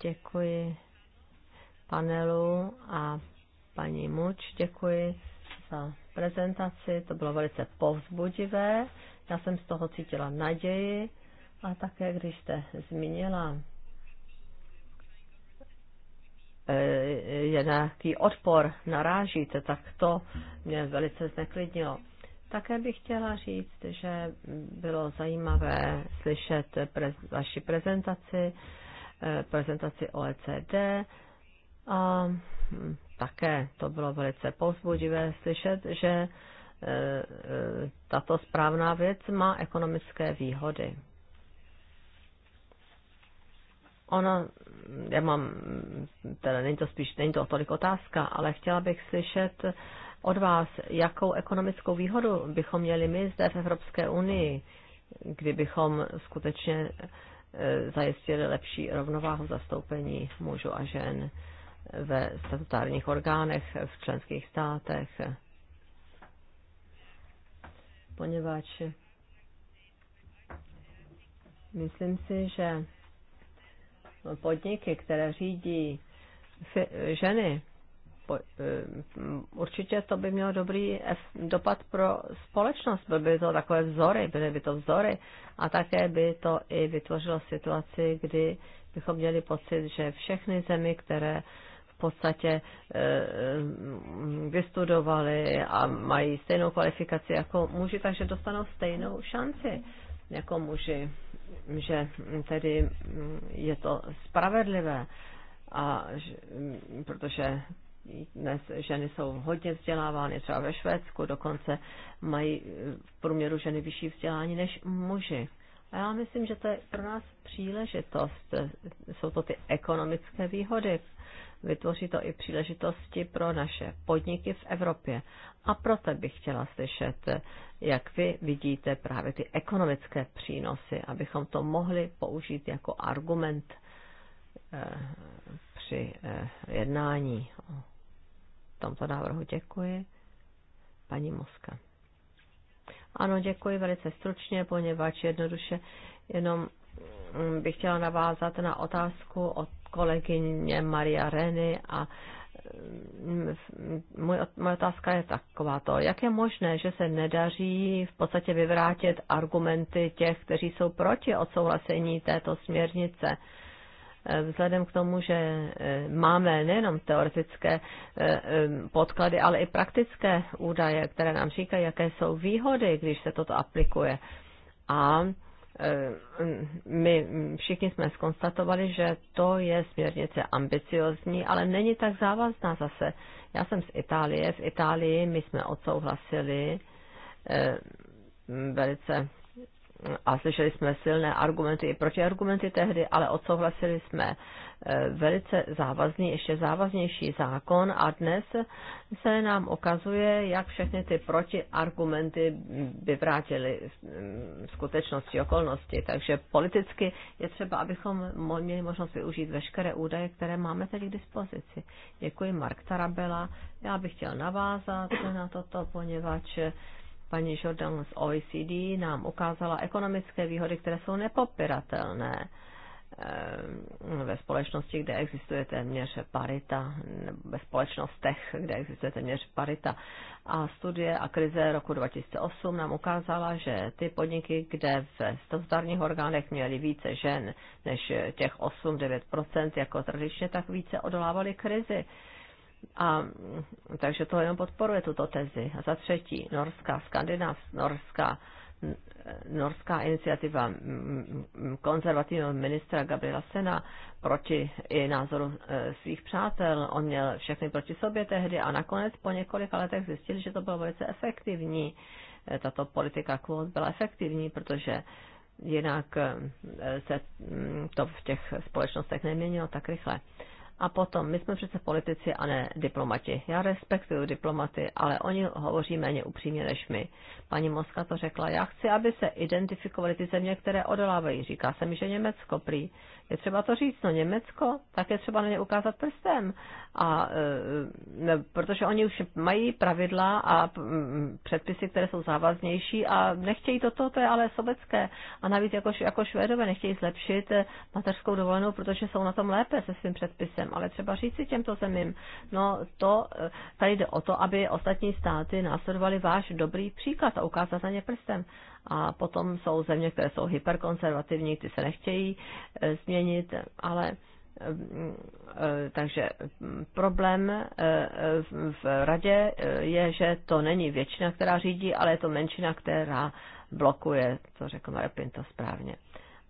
Děkuji panelu a paní Muč. Děkuji za prezentaci. To bylo velice povzbudivé. Já jsem z toho cítila naději. A také, když jste zmínila Eh, je nějaký odpor narážíte, tak to mě velice zneklidnilo. Také bych chtěla říct, že bylo zajímavé slyšet prez, vaši prezentaci, eh, prezentaci OECD a hm, také to bylo velice povzbudivé slyšet, že eh, tato správná věc má ekonomické výhody. Ono já mám, teda není to spíš, není to tolik otázka, ale chtěla bych slyšet od vás, jakou ekonomickou výhodu bychom měli my zde v Evropské unii, kdybychom skutečně e, zajistili lepší rovnováhu zastoupení mužů a žen ve statutárních orgánech v členských státech. Poněvadž myslím si, že podniky, které řídí ženy, eh, určitě to by mělo dobrý dopad pro společnost. Byly by to takové vzory, byly by to vzory a také by to i vytvořilo situaci, kdy bychom měli pocit, že všechny zemi, které v podstatě eh, vystudovaly a mají stejnou kvalifikaci jako muži, takže dostanou stejnou šanci jako muži že tedy je to spravedlivé, a, protože dnes ženy jsou hodně vzdělávány, třeba ve Švédsku dokonce mají v průměru ženy vyšší vzdělání než muži. A já myslím, že to je pro nás příležitost. Jsou to ty ekonomické výhody. Vytvoří to i příležitosti pro naše podniky v Evropě. A proto bych chtěla slyšet jak vy vidíte právě ty ekonomické přínosy, abychom to mohli použít jako argument eh, při eh, jednání o tomto návrhu. Děkuji. Paní Moska. Ano, děkuji velice stručně, poněvadž jednoduše jenom mm, bych chtěla navázat na otázku od kolegyně Maria Reny a můj, mm, moje otázka je taková to, jak je možné, že se nedaří v podstatě vyvrátit argumenty těch, kteří jsou proti odsouhlasení této směrnice, eh, vzhledem k tomu, že eh, máme nejenom teoretické eh, podklady, ale i praktické údaje, které nám říkají, jaké jsou výhody, když se toto aplikuje. A Eh, my všichni jsme skonstatovali, že to je směrnice ambiciozní, ale není tak závazná zase. Já jsem z Itálie, v Itálii my jsme odsouhlasili eh, velice a slyšeli jsme silné argumenty i protiargumenty tehdy, ale odsouhlasili jsme Eh, velice závazný, ještě závaznější zákon a dnes se nám okazuje, jak všechny ty protiargumenty vyvrátily mm, skutečnosti, okolnosti. Takže politicky je třeba, abychom měli možnost využít veškeré údaje, které máme teď k dispozici. Děkuji, Mark Tarabela. Já bych chtěl navázat na toto, poněvadž paní Jordan z OECD nám ukázala ekonomické výhody, které jsou nepopiratelné. Ehm, ve společnosti, kde existuje téměř parita, nebo ve společnostech, kde existuje téměř parita. A studie a krize roku 2008 nám ukázala, že ty podniky, kde v statutárních orgánech měly více žen než těch 8-9% jako tradičně, tak více odolávaly krizi. A, takže to jenom podporuje tuto tezi. A za třetí, norská, skandinávská, norská norská iniciativa konzervativního ministra Gabriela Sena proti i názoru e, svých přátel. On měl všechny proti sobě tehdy a nakonec po několika letech zjistil, že to bylo velice efektivní. E, tato politika kvót byla efektivní, protože jinak e, se to v těch společnostech neměnilo tak rychle. A potom, my jsme přece politici a ne diplomati. Já respektuju diplomaty, ale oni hovoří méně upřímně než my. Paní Moska to řekla, já chci, aby se identifikovaly ty země, které odolávají. Říká se mi, že Německo prý. Je třeba to říct, no Německo, tak je třeba na ně ukázat prstem, a, e, ne, protože oni už mají pravidla a mm, předpisy, které jsou závaznější a nechtějí toto, to je ale sobecké. A navíc jako, jako Švédové nechtějí zlepšit e, mateřskou dovolenou, protože jsou na tom lépe se svým předpisem, ale třeba si těmto zemím, no to, e, tady jde o to, aby ostatní státy následovaly váš dobrý příklad a ukázat na ně prstem. A potom jsou země, které jsou hyperkonzervativní, ty se nechtějí eh, změnit, ale eh, takže mm, problém eh, v radě je, že to není většina, která řídí, ale je to menšina, která blokuje, to řekl Marepin to správně.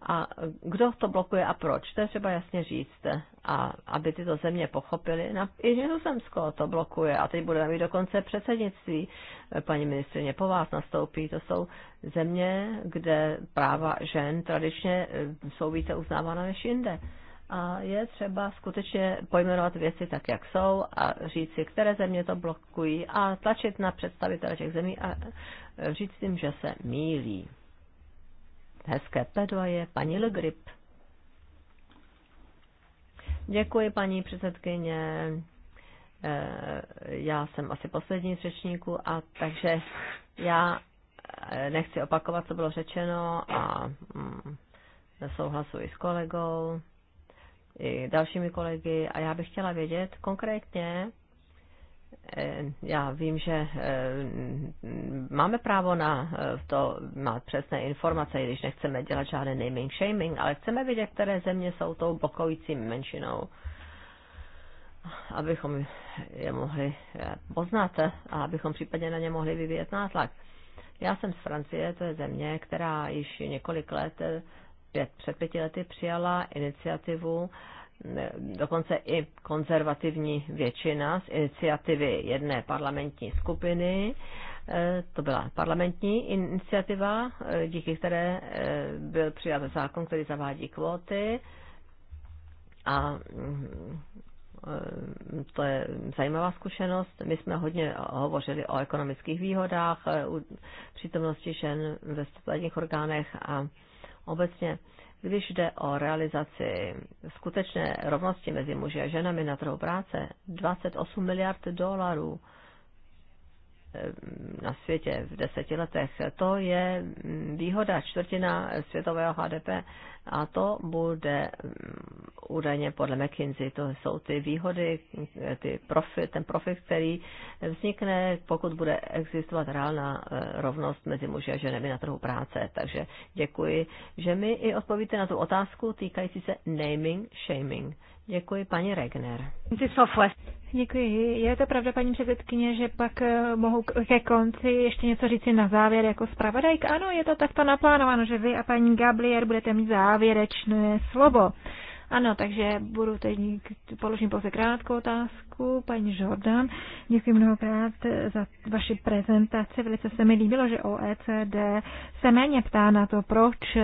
A kdo to blokuje a proč? To je třeba jasně říct. A aby tyto země pochopily, na, i Nizozemsko to blokuje. A teď budeme mít dokonce předsednictví. Paní ministrině po vás nastoupí. To jsou země, kde práva žen tradičně eh, jsou více uznávána než jinde. A je třeba skutečně pojmenovat věci tak, jak jsou a říct si, které země to blokují a tlačit na představitele těch zemí a eh, říct jim, že se mílí hezké pledoje paní Le Grip. Děkuji, paní předsedkyně. Eh, já jsem asi poslední z řečníků, a takže já eh, nechci opakovat, co bylo řečeno a mm, souhlasuji s kolegou i dalšími kolegy a já bych chtěla vědět konkrétně, Eh, já vím, že eh, máme právo na eh, to, má přesné informace, i když nechceme dělat žádný naming shaming, ale chceme vidět, které země jsou tou blokující menšinou, abychom je mohli poznat a abychom případně na ně mohli vyvíjet nátlak. Já jsem z Francie, to je země, která již několik let, pět, před pěti lety přijala iniciativu dokonce i konzervativní většina z iniciativy jedné parlamentní skupiny. Eh, to byla parlamentní iniciativa, eh, díky které eh, byl přijat zákon, který zavádí kvóty. A mm, to je zajímavá zkušenost. My jsme hodně hovořili o ekonomických výhodách, přítomnosti žen ve státních orgánech a obecně když jde o realizaci skutečné rovnosti mezi muži a ženami na trhu práce, 28 miliard dolarů Eh, na světě v deseti letech. To je mm, výhoda čtvrtina světového HDP a to bude mm, údajně podle McKinsey. To jsou ty výhody, ty profit, ten profit, který vznikne, pokud bude existovat reálná eh, rovnost mezi muži a ženami na trhu práce. Takže děkuji, že mi i odpovíte na tu otázku týkající se naming, shaming. Děkuji, paní Regner. Děkuji. Je to pravda, paní předsedkyně, že pak eh, mohu ke konci ještě něco říci na závěr jako zpravodajka? Ano, je to takto naplánováno, že vy a paní Gablier budete mít závěrečné slovo. Ano, takže budu teď, položím pouze krátkou otázku. Paní Jordan, děkuji mnohokrát za vaši prezentaci. Velice se mi líbilo, že OECD se méně ptá na to, proč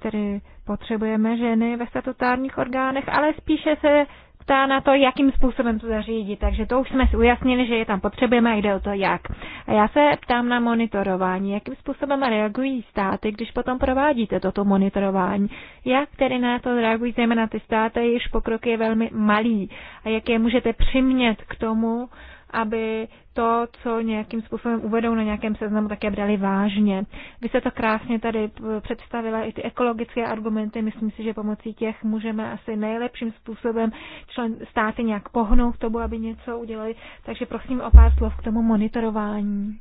tedy potřebujeme ženy ve statutárních orgánech, ale spíše se ptá na to, jakým způsobem to zařídit. Takže to už jsme si ujasnili, že je tam potřebujeme a jde o to jak. A já se ptám na monitorování. Jakým způsobem reagují státy, když potom provádíte toto monitorování? Jak tedy na to reagují zejména ty státy, jejichž pokrok je velmi malý? A jak je můžete přimět k tomu, aby to, co nějakým způsobem uvedou na nějakém seznamu, také brali vážně. Vy jste to krásně tady představila, i ty ekologické argumenty, myslím si, že pomocí těch můžeme asi nejlepším způsobem člen státy nějak pohnout k tomu, aby něco udělali. Takže prosím o pár slov k tomu monitorování.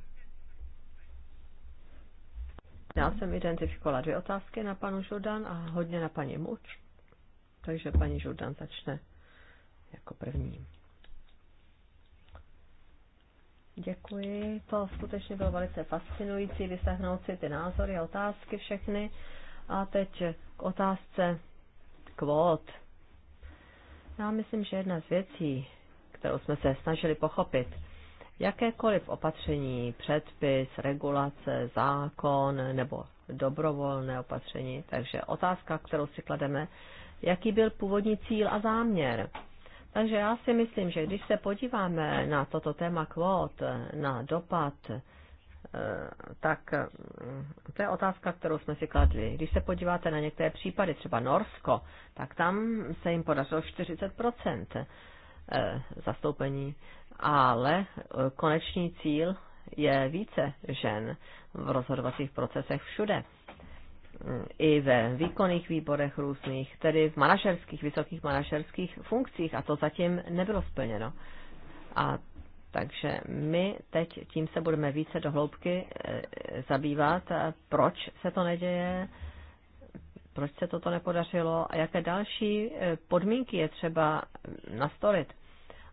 Já jsem identifikovala dvě otázky na panu Žodan a hodně na paní Muč. Takže paní Žodan začne jako první. Děkuji, to skutečně bylo velice fascinující, vyslechnout si ty názory a otázky všechny. A teď k otázce kvót. Já myslím, že jedna z věcí, kterou jsme se snažili pochopit, jakékoliv opatření, předpis, regulace, zákon nebo dobrovolné opatření. Takže otázka, kterou si klademe, jaký byl původní cíl a záměr takže já si myslím, že když se podíváme na toto téma kvót, na dopad, eh, tak eh, to je otázka, kterou jsme si kladli. Když se podíváte na některé případy, třeba Norsko, tak tam se jim podařilo 40% eh, zastoupení, ale konečný cíl je více žen v rozhodovacích procesech všude i ve výkonných výborech různých, tedy v manažerských, vysokých manažerských funkcích a to zatím nebylo splněno. A takže my teď tím se budeme více do hloubky e, zabývat, e, proč se to neděje, proč se toto nepodařilo a jaké další e, podmínky je třeba nastolit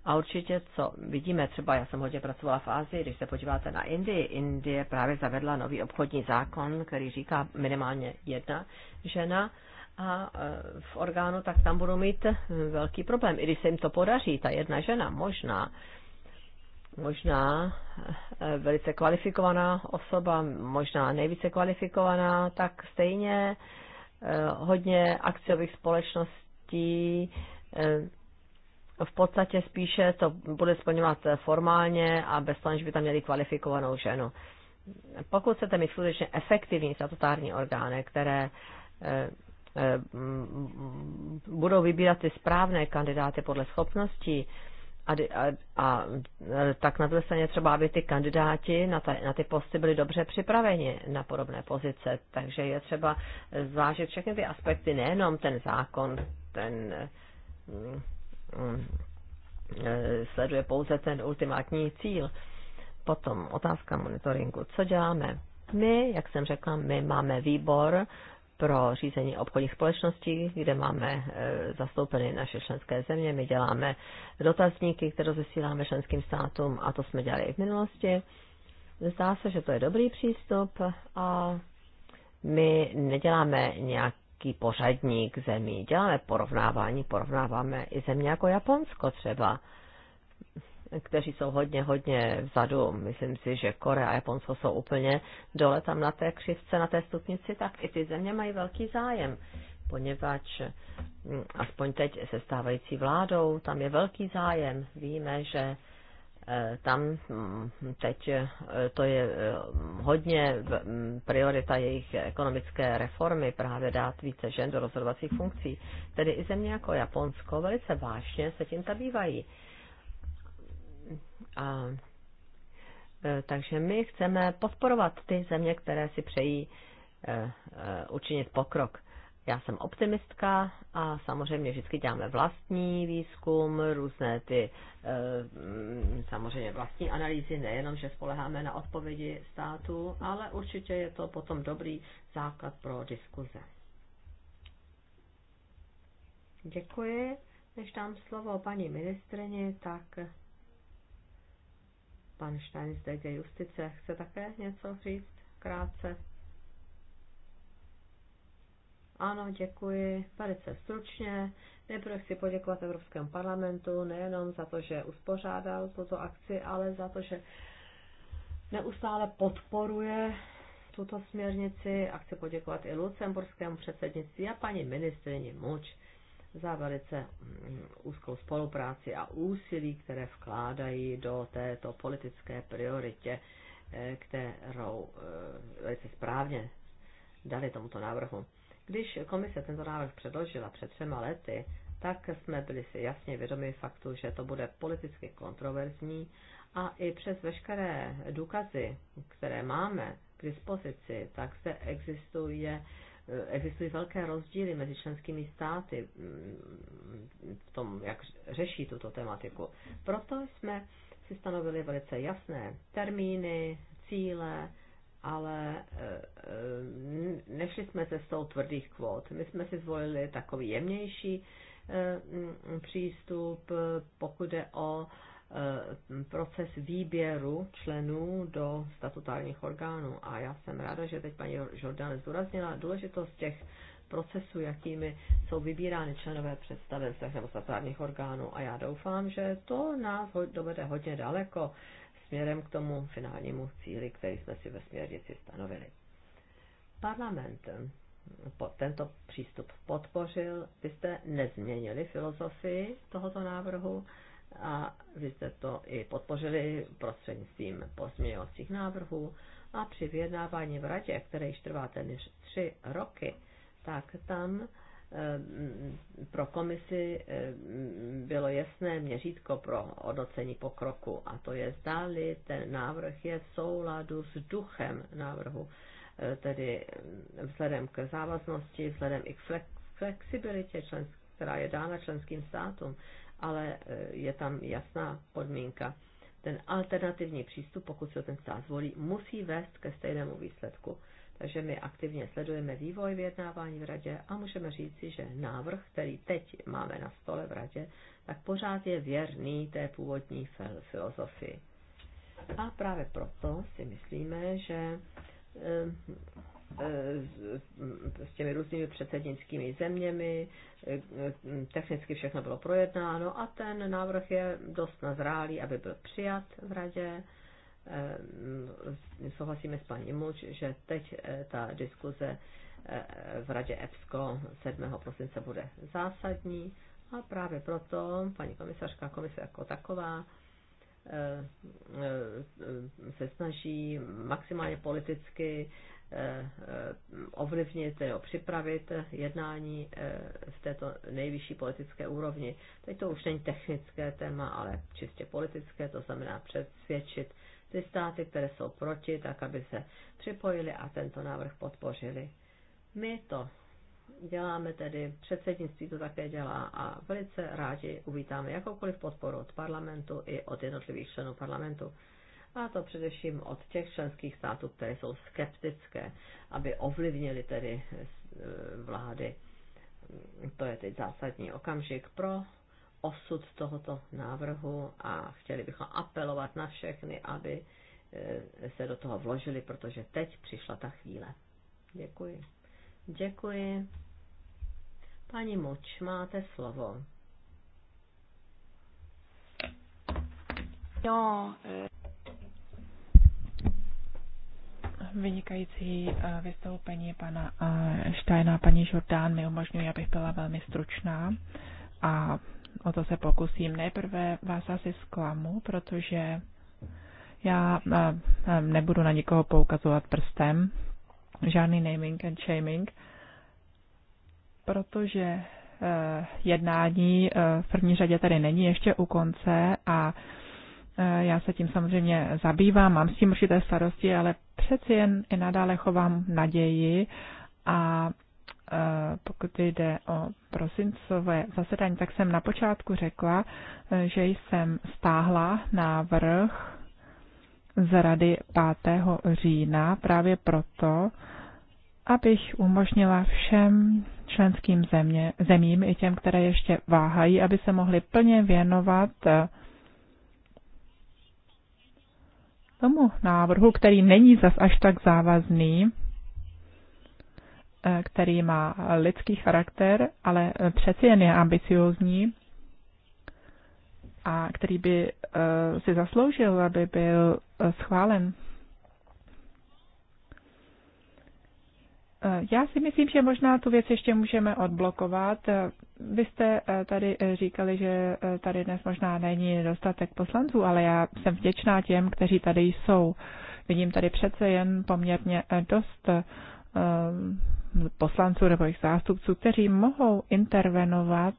a určitě, co vidíme, třeba já jsem hodně pracovala v Ázii, když se podíváte na Indii, Indie právě zavedla nový obchodní zákon, který říká minimálně jedna žena a e, v orgánu, tak tam budou mít velký problém. I když se jim to podaří, ta jedna žena možná, možná e, velice kvalifikovaná osoba, možná nejvíce kvalifikovaná, tak stejně e, hodně akciových společností v podstatě spíše to bude splňovat formálně a bez toho, by tam měli kvalifikovanou ženu. Pokud chcete mít skutečně efektivní statutární orgány, které eh, eh, budou vybírat ty správné kandidáty podle schopností, a, a, a eh, tak na druhé straně třeba, aby ty kandidáti na, ta, na ty posty byli dobře připraveni na podobné pozice. Takže je třeba zvážit všechny ty aspekty, nejenom ten zákon, ten mm, Mm, eh, sleduje pouze ten ultimátní cíl. Potom otázka monitoringu. Co děláme? My, jak jsem řekla, my máme výbor pro řízení obchodních společností, kde máme eh, zastoupeny naše členské země. My děláme dotazníky, které zasíláme členským státům a to jsme dělali i v minulosti. Zdá se, že to je dobrý přístup a my neděláme nějak nějaký pořadník zemí. Děláme porovnávání, porovnáváme i země jako Japonsko třeba, kteří jsou hodně, hodně vzadu. Myslím si, že Korea a Japonsko jsou úplně dole tam na té křivce, na té stupnici, tak i ty země mají velký zájem, poněvadž mm, aspoň teď se stávající vládou, tam je velký zájem. Víme, že Eh, tam hm, teď eh, to je eh, hodně hm, priorita jejich ekonomické reformy, právě dát více žen do rozhodovacích funkcí. Tedy i země jako Japonsko velice vážně se tím zabývají. A, takže my chceme podporovat ty země, které si přejí učinit pokrok. Já jsem optimistka a samozřejmě vždycky děláme vlastní výzkum, různé ty eh, mm, samozřejmě vlastní analýzy, nejenom, že spoleháme na odpovědi státu, ale určitě je to potom dobrý základ pro diskuze. Děkuji. Než dám slovo paní ministrině, tak pan Štajn z DG Justice chce také něco říct krátce. Ano, děkuji. Velice stručně. Nejprve chci poděkovat Evropskému parlamentu nejenom za to, že uspořádal tuto akci, ale za to, že neustále podporuje tuto směrnici a chci poděkovat i Lucemburskému předsednictví a paní ministrině Muč za velice mm, úzkou spolupráci a úsilí, které vkládají do této politické prioritě, eh, kterou eh, velice správně dali tomuto návrhu. Když komise tento návrh předložila před třema lety, tak jsme byli si jasně vědomi faktu, že to bude politicky kontroverzní a i přes veškeré důkazy, které máme k dispozici, tak se existuje existují velké rozdíly mezi členskými státy mm, v tom, jak řeší tuto tematiku. Proto jsme si stanovili velice jasné termíny, cíle, ale e, e, nešli jsme se tou tvrdých kvót. My jsme si zvolili takový jemnější e, přístup, pokud je o proces výběru členů do statutárních orgánů. A já jsem ráda, že teď paní Jordán zdůraznila důležitost těch procesů, jakými jsou vybírány členové představenstv nebo statutárních orgánů. A já doufám, že to nás dovede hodně daleko směrem k tomu finálnímu cíli, který jsme si ve směrnici stanovili. Parlament tento přístup podpořil, vy jste nezměnili filozofii tohoto návrhu a vy jste to i podpořili prostřednictvím pozměňovacích návrhů a při vyjednávání v radě, které již trvá téměř tři roky, tak tam Eh, pro komisi eh, bylo jasné měřítko pro hodnocení pokroku a to je zdáli ten návrh je v souladu s duchem návrhu, eh, tedy vzhledem k závaznosti, vzhledem i k flexibilitě, která je dána členským státům, ale je tam jasná podmínka. Ten alternativní přístup, pokud se ten stát zvolí, musí vést ke stejnému výsledku. Takže my aktivně sledujeme vývoj vyjednávání v radě a můžeme říci, že návrh, který teď máme na stole v radě, tak pořád je věrný té původní filozofii. A právě proto si myslíme, že eh, eh, s těmi různými předsednickými zeměmi, eh, technicky všechno bylo projednáno a ten návrh je dost nazrálý, aby byl přijat v radě Ehm, souhlasíme s paní Muč, že teď eh, ta diskuze eh, v radě EPSCO 7. prosince bude zásadní a právě proto paní komisařka, komise jako taková, eh, se snaží maximálně politicky ovlivnit nebo připravit jednání v této nejvyšší politické úrovni. Teď to už není technické téma, ale čistě politické, to znamená přesvědčit ty státy, které jsou proti, tak aby se připojili a tento návrh podpořili. My to děláme tedy, předsednictví to také dělá a velice rádi uvítáme jakoukoliv podporu od parlamentu i od jednotlivých členů parlamentu. A to především od těch členských států, které jsou skeptické, aby ovlivnili tedy e, vlády. To je teď zásadní okamžik pro osud tohoto návrhu a chtěli bychom apelovat na všechny, aby e, se do toho vložili, protože teď přišla ta chvíle. Děkuji. Děkuji. Pani Moč, máte slovo. Jo. No, e, vynikající e, vystoupení pana Štajna a paní Žordán mi umožňuje, abych byla velmi stručná a o to se pokusím. Nejprve vás asi zklamu, protože já nebudu na nikoho poukazovat prstem, žádný naming and shaming, protože e, jednání e, v první řadě tady není ještě u konce a e, já se tím samozřejmě zabývám, mám s tím určité starosti, ale přeci jen i nadále chovám naději a Eh, pokud jde o prosincové zasedání, tak jsem na počátku řekla, eh, že jsem stáhla návrh z rady 5. října právě proto, abych umožnila všem členským země, zemím i těm, které ještě váhají, aby se mohli plně věnovat eh, tomu návrhu, který není zas až tak závazný, Eh, který má lidský charakter, ale eh, přeci jen je ambiciózní a který by eh, si zasloužil, aby byl schválen. Já si myslím, že možná tu věc ještě můžeme odblokovat. Vy jste tady říkali, že tady dnes možná není dostatek poslanců, ale já jsem vděčná těm, kteří tady jsou. Vidím tady přece jen poměrně dost poslanců nebo jejich zástupců, kteří mohou intervenovat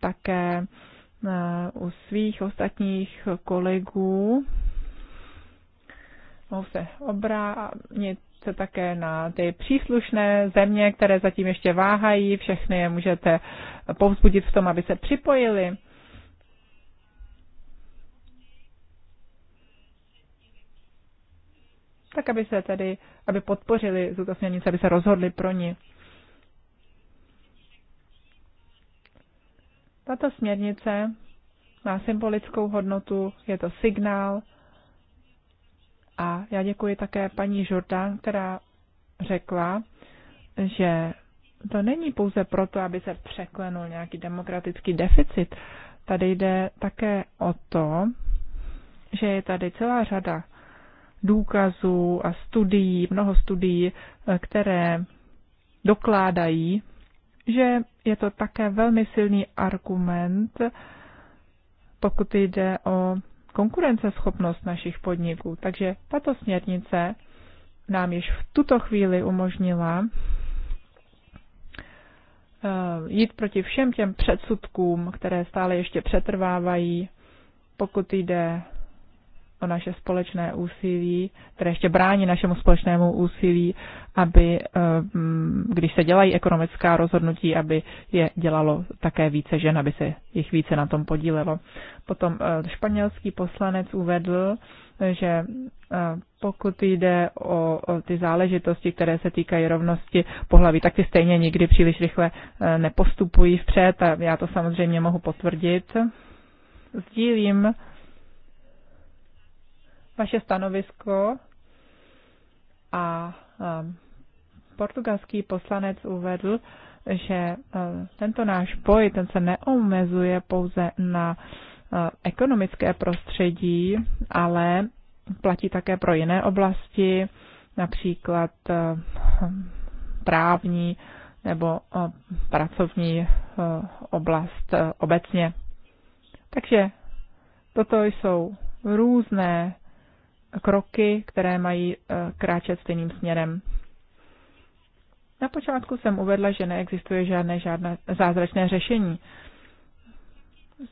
také eh, u svých ostatních kolegů. Mohou se obránit se také na ty příslušné země, které zatím ještě váhají. Všechny je můžete povzbudit v tom, aby se připojili tak aby se tedy, aby podpořili tuto směrnici, aby se rozhodli pro ní. Tato směrnice má symbolickou hodnotu, je to signál a já děkuji také paní Jordan, která řekla, že to není pouze proto, aby se překlenul nějaký demokratický deficit. Tady jde také o to, že je tady celá řada důkazů a studií, mnoho studií, eh, které dokládají, že je to také velmi silný argument, pokud jde o konkurenceschopnost našich podniků. Takže tato směrnice nám již v tuto chvíli umožnila eh, jít proti všem těm předsudkům, které stále ještě přetrvávají, pokud jde o naše společné úsilí, které ještě brání našemu společnému úsilí, aby, eh, mm, když se dělají ekonomická rozhodnutí, aby je dělalo také více žen, aby se jich více na tom podílelo. Potom eh, španělský poslanec uvedl, že eh, pokud jde o, o ty záležitosti, které se týkají rovnosti pohlaví, tak ty stejně nikdy příliš rychle nepostupují vpřed a já to samozřejmě mohu potvrdit. Sdílím vaše stanovisko a um, portugalský poslanec uvedl, že um, tento náš boj, ten se neomezuje pouze na uh, ekonomické prostředí, ale platí také pro jiné oblasti, například um, právní nebo uh, pracovní uh, oblast obecně. Takže toto jsou různé kroky, které mají eh, kráčet stejným směrem. Na počátku jsem uvedla, že neexistuje žádné, žádné zázračné řešení.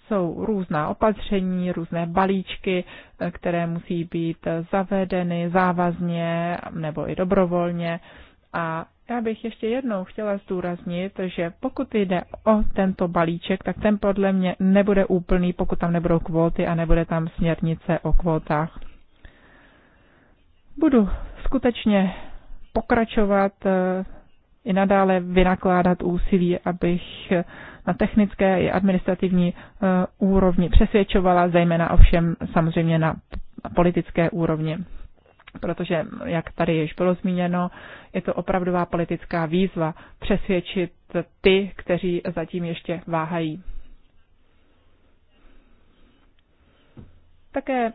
Jsou různá opatření, různé balíčky, eh, které musí být zavedeny závazně nebo i dobrovolně. A já bych ještě jednou chtěla zdůraznit, že pokud jde o tento balíček, tak ten podle mě nebude úplný, pokud tam nebudou kvóty a nebude tam směrnice o kvótách. Budu skutečně pokračovat eh, i nadále vynakládat úsilí, abych na technické i administrativní eh, úrovni přesvědčovala, zejména ovšem samozřejmě na politické úrovni. Protože, jak tady již bylo zmíněno, je to opravdová politická výzva přesvědčit ty, kteří zatím ještě váhají. Také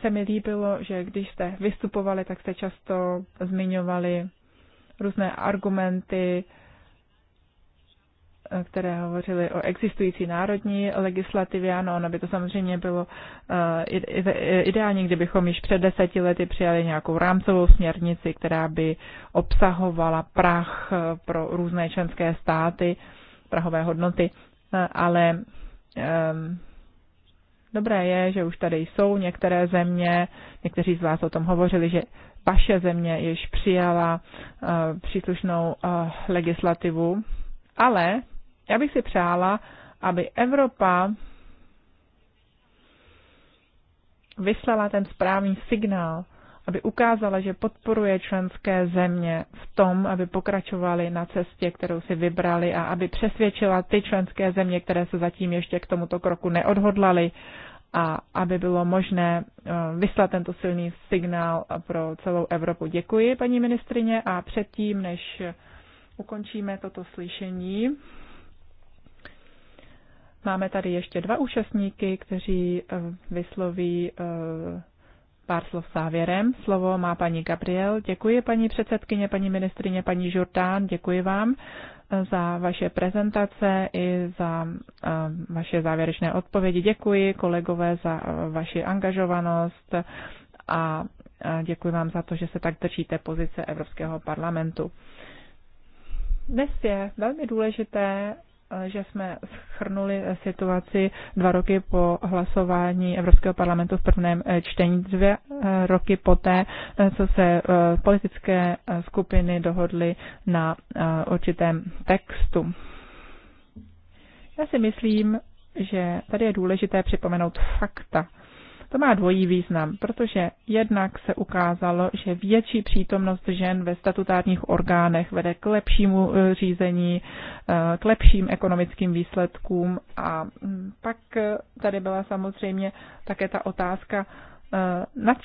se mi líbilo, že když jste vystupovali, tak jste často zmiňovali různé argumenty, eh, které hovořily o existující národní legislativě. Ano, ono by to samozřejmě bylo eh, ideální, kdybychom již před deseti lety přijali nějakou rámcovou směrnici, která by obsahovala prach eh, pro různé členské státy, prahové hodnoty, ale ehm, Dobré je, že už tady jsou některé země, někteří z vás o tom hovořili, že vaše země již přijala eh, příslušnou eh, legislativu, ale já bych si přála, aby Evropa vyslala ten správný signál aby ukázala, že podporuje členské země v tom, aby pokračovali na cestě, kterou si vybrali a aby přesvědčila ty členské země, které se zatím ještě k tomuto kroku neodhodlali a aby bylo možné eh, vyslat tento silný signál pro celou Evropu. Děkuji, paní ministrině, a předtím, než ukončíme toto slyšení, Máme tady ještě dva účastníky, kteří eh, vysloví eh, pár slov závěrem. Slovo má paní Gabriel. Děkuji paní předsedkyně, paní ministrině, paní Žurtán, děkuji vám eh, za vaše prezentace i za eh, vaše závěrečné odpovědi. Děkuji kolegové za eh, vaši angažovanost a děkuji vám za to, že se tak držíte pozice Evropského parlamentu. Dnes je velmi důležité, Eh, že jsme schrnuli situaci dva roky po hlasování Evropského parlamentu v prvném eh, čtení, dvě eh, roky poté, co se politické skupiny dohodly na určitém textu. Já si myslím, že tady je důležité připomenout fakta. To má dvojí význam, protože jednak se ukázalo, že větší přítomnost žen ve statutárních orgánech vede k lepšímu eh, řízení, eh, k lepším ekonomickým výsledkům a mm, pak eh, tady byla samozřejmě také ta otázka, nač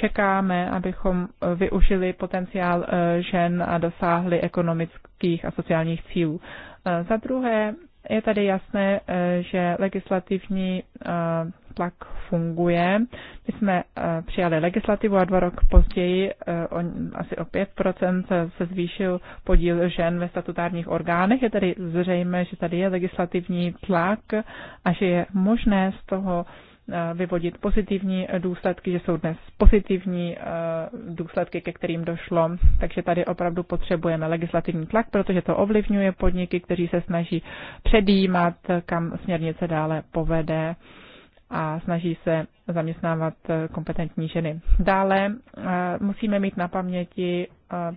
čekáme, abychom využili potenciál žen a dosáhli ekonomických a sociálních cílů. Za druhé, je tady jasné, že legislativní tlak funguje. My jsme eh, přijali legislativu a dva rok později eh, asi o 5% se zvýšil podíl žen ve statutárních orgánech. Je tedy zřejmé, že tady je legislativní tlak a že je možné z toho eh, vyvodit pozitivní důsledky, že jsou dnes pozitivní důsledky, ke kterým došlo. Takže tady opravdu potřebujeme legislativní tlak, protože to ovlivňuje podniky, kteří se snaží předjímat, kam směrnice dále povede a snaží se zaměstnávat eh, kompetentní ženy. Dále eh, musíme mít na paměti eh,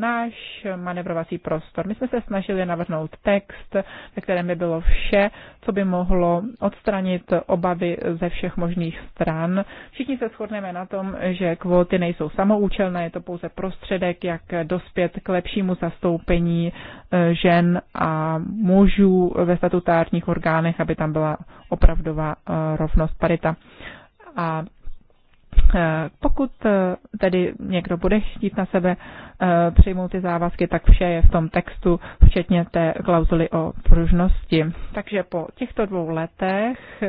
náš manevrovací prostor. My jsme se snažili navrhnout text, ve kterém by bylo vše, co by mohlo odstranit obavy ze všech možných stran. Všichni se shodneme na tom, že kvóty nejsou samoučelné, je to pouze prostředek, jak dospět k lepšímu zastoupení eh, žen a mužů ve statutárních orgánech, aby tam byla opravdová eh, rovnost parita. A Eh, pokud eh, tedy někdo bude chtít na sebe eh, přijmout ty závazky, tak vše je v tom textu, včetně té klauzuly o pružnosti. Takže po těchto dvou letech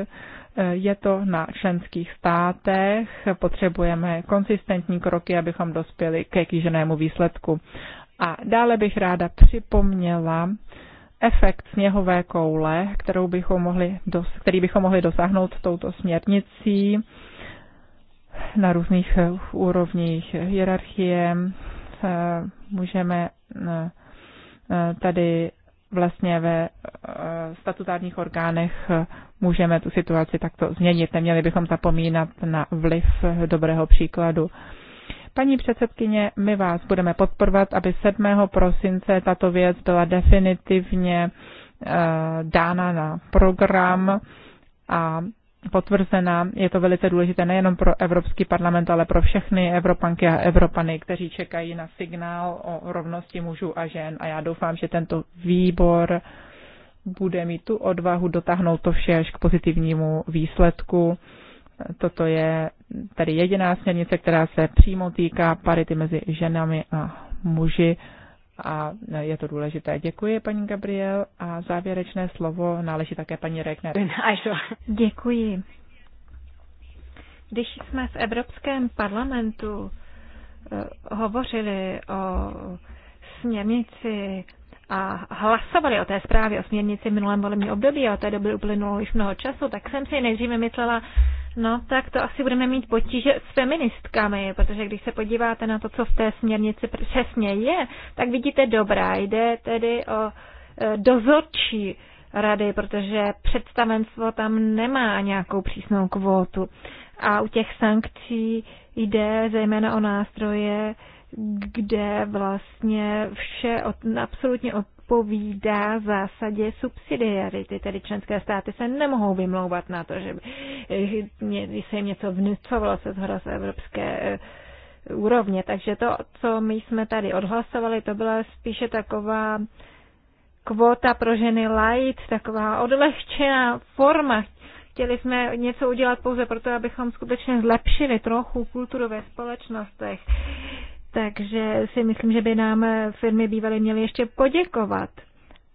je to na členských státech, potřebujeme konsistentní kroky, abychom dospěli ke kýženému výsledku. A dále bych ráda připomněla efekt sněhové koule, kterou bychom mohli dos- který bychom mohli dosáhnout touto směrnicí na různých eh, úrovních hierarchie. Eh, můžeme eh, tady vlastně ve statutárních orgánech můžeme tu situaci takto změnit. Neměli bychom zapomínat na vliv dobrého příkladu. Paní předsedkyně, my vás budeme podporovat, aby 7. prosince tato věc byla definitivně dána na program a potvrzena. Je to velice důležité nejenom pro Evropský parlament, ale pro všechny Evropanky a Evropany, kteří čekají na signál o rovnosti mužů a žen. A já doufám, že tento výbor bude mít tu odvahu dotáhnout to vše až k pozitivnímu výsledku. Toto je tady jediná směrnice, která se přímo týká parity mezi ženami a muži a je to důležité. Děkuji, paní Gabriel, a závěrečné slovo náleží také paní Regner. Děkuji. Když jsme v Evropském parlamentu eh, hovořili o směrnici a hlasovali o té zprávě o směrnici v minulém volebním období a od té doby uplynulo již mnoho času, tak jsem si nejdříve myslela, No tak to asi budeme mít potíže s feministkami, protože když se podíváte na to, co v té směrnici přesně je, tak vidíte dobrá. Jde tedy o e, dozorčí rady, protože představenstvo tam nemá nějakou přísnou kvótu. A u těch sankcí jde zejména o nástroje, kde vlastně vše od, absolutně odpovídá zásadě subsidiarity, tedy členské státy se nemohou vymlouvat na to, že by se jim něco vnucovalo se zhora z Evropské eh, úrovně. Takže to, co my jsme tady odhlasovali, to byla spíše taková kvota pro ženy light, taková odlehčená forma. Chtěli jsme něco udělat pouze proto, abychom skutečně zlepšili trochu kulturu ve společnostech. Takže si myslím, že by nám firmy bývaly měly ještě poděkovat.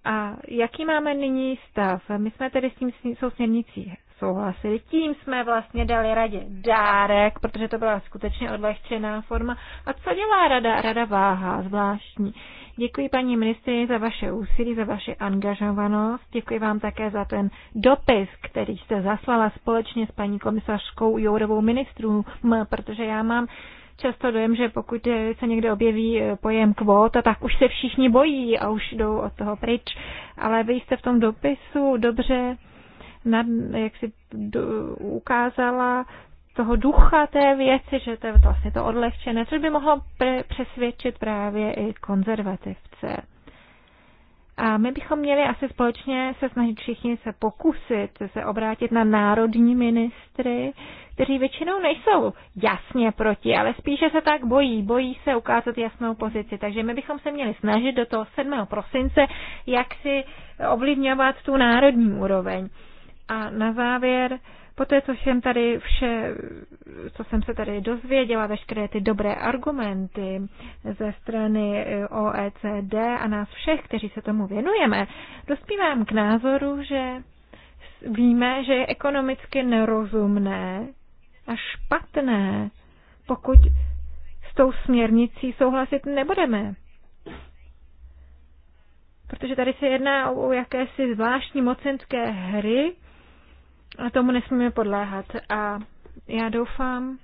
A jaký máme nyní stav? My jsme tedy s tím sousměrnicí souhlasili. Tím jsme vlastně dali radě dárek, protože to byla skutečně odlehčená forma. A co dělá rada? Rada váha zvláštní. Děkuji paní ministrině za vaše úsilí, za vaši angažovanost. Děkuji vám také za ten dopis, který jste zaslala společně s paní komisařkou Jourovou ministrům, protože já mám často dojem, že pokud se někde objeví eh, pojem kvóta, tak už se všichni bojí a už jdou od toho pryč. Ale vy jste v tom dopisu dobře nad, jak si do, ukázala toho ducha té věci, že to je vlastně to odlehčené, což by mohlo přesvědčit právě i konzervativce. A my bychom měli asi společně se snažit všichni se pokusit se obrátit na národní ministry, kteří většinou nejsou jasně proti, ale spíše se tak bojí, bojí se ukázat jasnou pozici. Takže my bychom se měli snažit do toho 7. prosince, jak si ovlivňovat tu národní úroveň. A na závěr Poté, co jsem tady vše, co jsem se tady dozvěděla, veškeré ty dobré argumenty ze strany eh, OECD a nás všech, kteří se tomu věnujeme, dospívám k názoru, že víme, že je ekonomicky nerozumné a špatné, pokud s tou směrnicí souhlasit nebudeme. Protože tady se jedná o jakési zvláštní mocenské hry, a tomu nesmíme podléhat. A já doufám,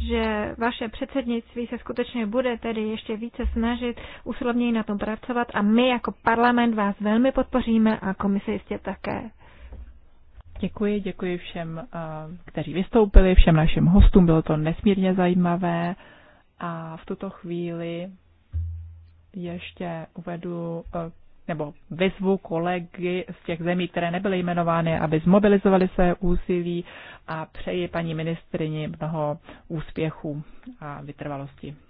že vaše předsednictví se skutečně bude tedy ještě více snažit, usilovněji na tom pracovat a my jako parlament vás velmi podpoříme a komise jistě také. Děkuji, děkuji všem, eh, kteří vystoupili, všem našim hostům, bylo to nesmírně zajímavé a v tuto chvíli ještě uvedu eh, nebo vyzvu kolegy z těch zemí, které nebyly jmenovány, aby zmobilizovali své úsilí a přeji paní ministrini mnoho úspěchů a vytrvalosti.